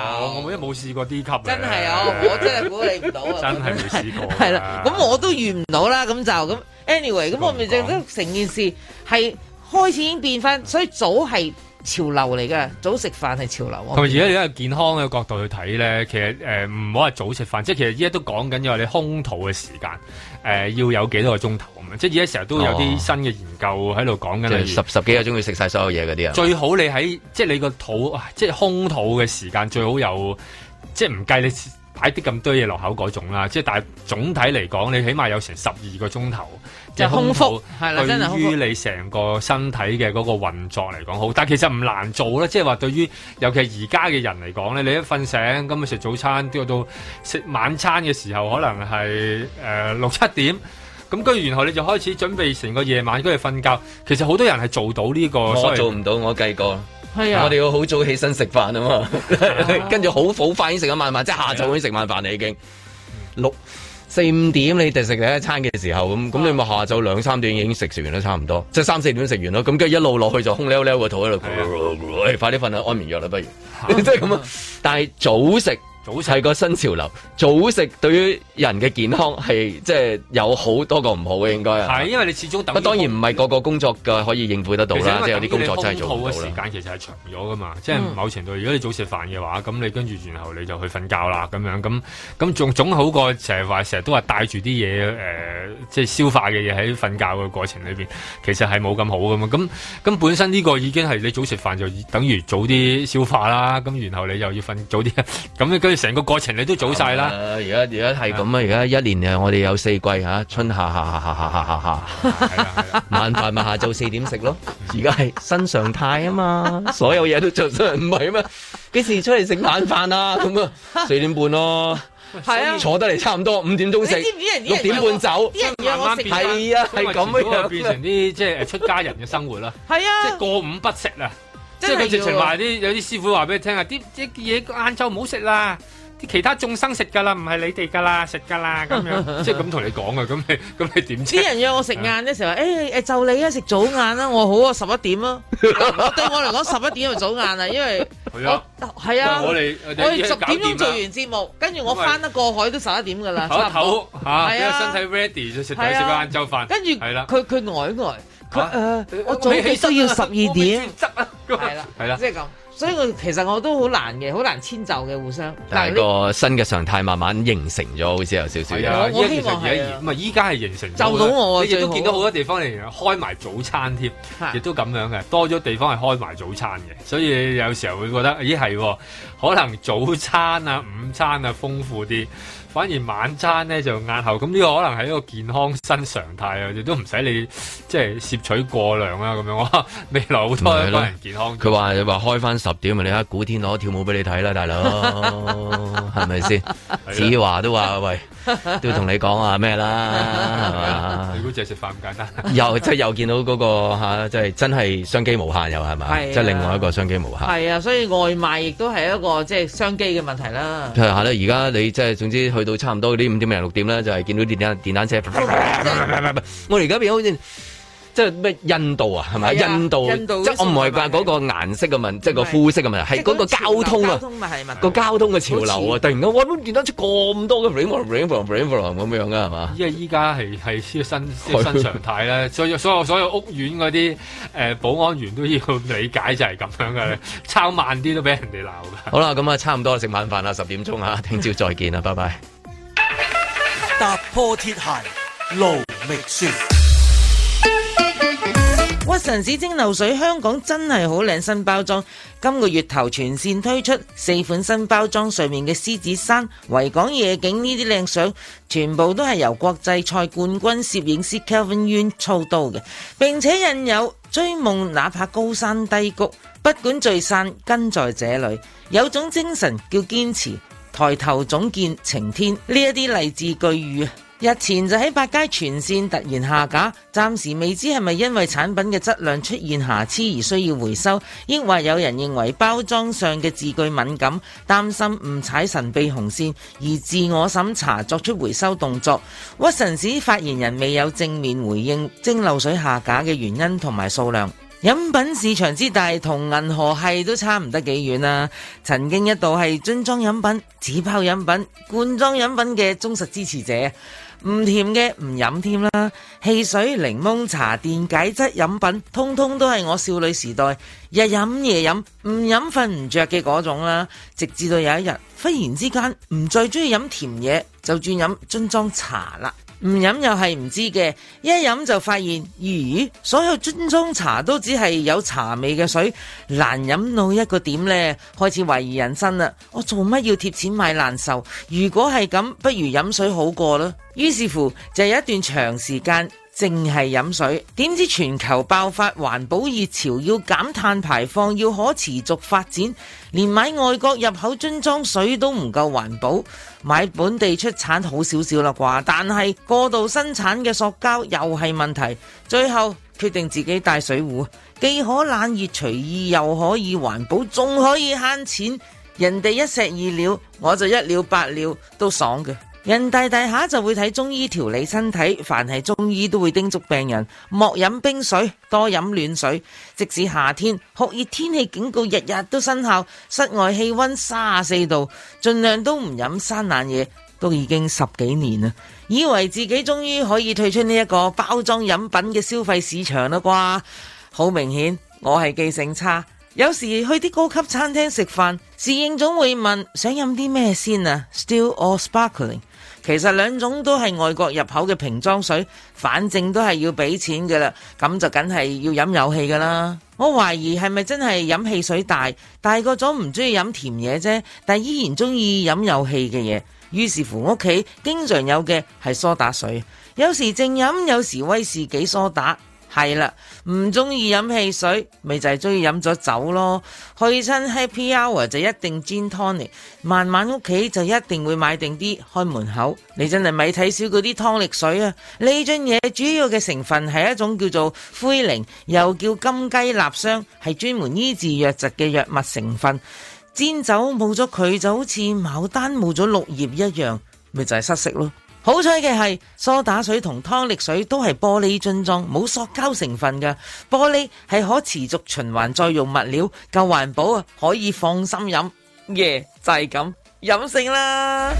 我一冇試過 D 級。真係啊！ 我真係估你唔到啊！ 真係未試過。係啦，咁我都遇唔到啦。咁就咁。anyway，咁我咪即係成件事係開始已經變翻，所以早係。潮流嚟嘅早食飯係潮流。同埋而家你一個健康嘅角度去睇咧，其實誒唔好話早食飯，即係其實而家都講緊，因為你空肚嘅時間誒要有幾多個鐘頭。即係而家成日都有啲新嘅研究喺度講緊，即十十幾個鐘要食晒所有嘢嗰啲啊！最好你喺即係你個肚即係空肚嘅時間最好有即係唔計你擺啲咁多嘢落口嗰種啦，即係但係總體嚟講，你起碼有成十二個鐘頭。即係空腹，係啦，于真係對於你成個身體嘅嗰個運作嚟講好，但係其實唔難做咧。即係話對於尤其係而家嘅人嚟講咧，你一瞓醒，今日食早餐，到到食晚餐嘅時候，可能係誒六七點。咁跟住，然後你就開始準備成個夜晚，跟住瞓覺。其實好多人係做到呢、這個，所做唔到，我計過。係啊，我哋要好早起身食飯啊嘛，跟住好早快啲食咗晚飯，即係下晝開始食晚飯嚟已經,已經、嗯、六。四五點你就食第一餐嘅時候咁，咁、啊、你咪下晝兩三點已經食食完啦差唔多，即係三四點食完咯，咁跟住一路落去就空溜溜個肚喺度，嘮嘮嘮嘮的快啲瞓啦，安眠藥啦不如，即係咁啊， 啊但係早食。早餐係個新潮流，早食對於人嘅健康係即係有好多個唔好嘅，應該係。因為你始終當然唔係個個工作嘅可以應付得到啦，即係有啲工作真係做唔到嘅時間其實係長咗噶嘛，嗯、即係某程度，如果你早食飯嘅話，咁你跟住然後你就去瞓覺啦，咁樣咁咁仲總好過，成日話成日都話帶住啲嘢，誒、呃，即係消化嘅嘢喺瞓覺嘅過程裏邊，其實係冇咁好噶嘛。咁咁本身呢個已經係你早食飯就等於早啲消化啦，咁然後你又要瞓早啲，咁成個過程你都早晒啦！而家而家係咁啊！而家一年啊，我哋有四季嚇，春夏夏夏夏夏夏夏，晚飯咪下晝四點食咯。而家係新常態啊嘛，所有嘢都着唔係啊嘛，幾時出嚟食晚飯啊？咁啊，四點半咯，係啊，坐得嚟差唔多五點鐘食，六點半走，慢係啊，係咁啊，變成啲即係出家人嘅生活啦，係啊，即係過午不食啊。即係佢直情話啲有啲師傅話俾你聽啊！啲啲嘢晏晝唔好食啦，啲其他眾生食噶啦，唔係你哋噶啦食噶啦咁樣。即係咁同你講啊！咁你咁你點知？啲人約我食晏嘅時候，誒誒就你啊食早晏啦，我好啊十一點啊！對我嚟講十一點就早晏啦，因為我係啊，我哋我哋十點鐘做完節目，跟住我翻得過海都十一點噶啦。好嚇，係呀身體 ready 就食，食翻晏晝飯。跟住係啦，佢佢呆一呆。佢我早都要十二點，係啦，係啦，即係咁，所以我其實我都好難嘅，好難遷就嘅互相。但係個新嘅常態慢慢形成咗，好似有少少啦。而家其實而家，唔係依家係形成。遷就到我亦都見到好多地方嚟開埋早餐添，亦都咁樣嘅，多咗地方係開埋早餐嘅，所以有時候會覺得，咦係，可能早餐啊、午餐啊豐富啲。反而晚餐咧就晏後，咁呢個可能係一個健康新常態啊！亦都唔使你即係攝取過量啦，啊，咁樣，嘩，未來好多人健康。佢話，你話開翻十點啊！你喺古天樂跳舞俾你睇啦，大佬，係咪先？ 子華都話： 喂。 都要同你講啊咩啦，你估 吧淨係食飯咁簡單， 又即係又見到嗰、那個吓，即、啊、係、就是、真係商機無限又係咪嘛，即係 另外一個商機無限，係啊，所以外賣亦都係一個即係商機嘅問題啦。睇下咧，而家你即係總之去到差唔多嗰啲五點零六點啦就係、是、見到電單電單車， 我哋而家變好似，即係咩印度啊，係咪？印度即係我唔係講嗰個顏色嘅問，即係個膚色嘅問題，係嗰個交通啊，個交通嘅潮流啊，突然間我都見到出咁多嘅 bring for bring for bring for 咁樣嘅係嘛？因為依家係係新新常態咧，所以所有所有屋苑嗰啲誒保安員都要理解就係咁樣嘅，抄慢啲都俾人哋鬧㗎。好啦，咁啊，差唔多食晚飯啦，十點鐘啊，聽朝再見啊，拜拜。踏破鐵鞋路未絕。屈臣氏蒸餾水，香港真係好靚新包裝。今個月頭全線推出四款新包裝，上面嘅獅子山、維港夜景呢啲靚相，全部都係由國際賽冠軍攝影師 Kelvin Yuen 操刀嘅，並且印有追夢哪怕高山低谷，不管聚散跟在這裏，有種精神叫堅持，抬頭總見晴天呢一啲勵志句語日前就喺百佳全線突然下架，暫時未知係咪因為產品嘅質量出現瑕疵，而需要回收，抑或有人認為包裝上嘅字句敏感，擔心誤踩神秘紅線而自我審查作出回收動作。屈臣氏發言人未有正面回應蒸餾水下架嘅原因同埋數量。飲品市場之大，同銀河系都差唔得幾遠啦。曾經一度係樽裝飲品、紙包飲品、罐裝飲品嘅忠實支持者。唔甜嘅唔飲添啦，汽水、檸檬茶、電解質飲品，通通都係我少女時代日飲夜飲唔飲瞓唔着嘅嗰種啦。直至到有一日，忽然之間唔再中意飲甜嘢，就轉飲樽裝茶啦。唔飲又係唔知嘅，一飲就發現，咦，所有樽裝茶都只係有茶味嘅水，難飲到一個點呢？開始懷疑人生啦！我做乜要貼錢買難受？如果係咁，不如飲水好過啦。於是乎，就有、是、一段長時間。淨係飲水，點知全球爆發環保熱潮，要減碳排放，要可持續發展，連買外國入口樽裝水都唔夠環保，買本地出產好少少啦啩。但係過度生產嘅塑膠又係問題，最後決定自己帶水壺，既可冷熱隨意，又可以環保，仲可以慳錢。人哋一石二鳥，我就一了百了，都爽嘅。人大大下就會睇中醫調理身體，凡係中醫都會叮囑病人莫飲冰水，多飲暖水。即使夏天酷熱天氣警告日日都生效，室外氣温三十四度，盡量都唔飲生冷嘢，都已經十幾年啦。以為自己終於可以退出呢一個包裝飲品嘅消費市場啦啩？好明顯我係記性差，有時去啲高級餐廳食飯，侍應總會問想飲啲咩先啊？Still or sparkling？其實兩種都係外國入口嘅瓶裝水，反正都係要俾錢嘅啦，咁就梗係要飲有氣㗎啦。我懷疑係咪真係飲汽水大，大個咗唔中意飲甜嘢啫，但依然中意飲有氣嘅嘢。於是乎屋企經常有嘅係蘇打水，有時淨飲，有時威士忌蘇打。係啦，唔中意飲汽水，咪就係中意飲咗酒咯。去親 Happy Hour 就一定煎湯力，慢慢屋企就一定會買定啲開門口。你真係咪睇少嗰啲湯力水啊？呢樽嘢主要嘅成分係一種叫做奎寧，又叫金雞納霜，係專門醫治瘧疾嘅藥物成分。煎酒冇咗佢就好似牡丹冇咗綠葉一樣，咪就係失色咯。好彩嘅係，梳打水同湯力水都係玻璃樽裝，冇塑膠成分嘅。玻璃係可持續循環再用物料，夠環保啊！可以放心飲耶，yeah，就係咁，飲勝啦。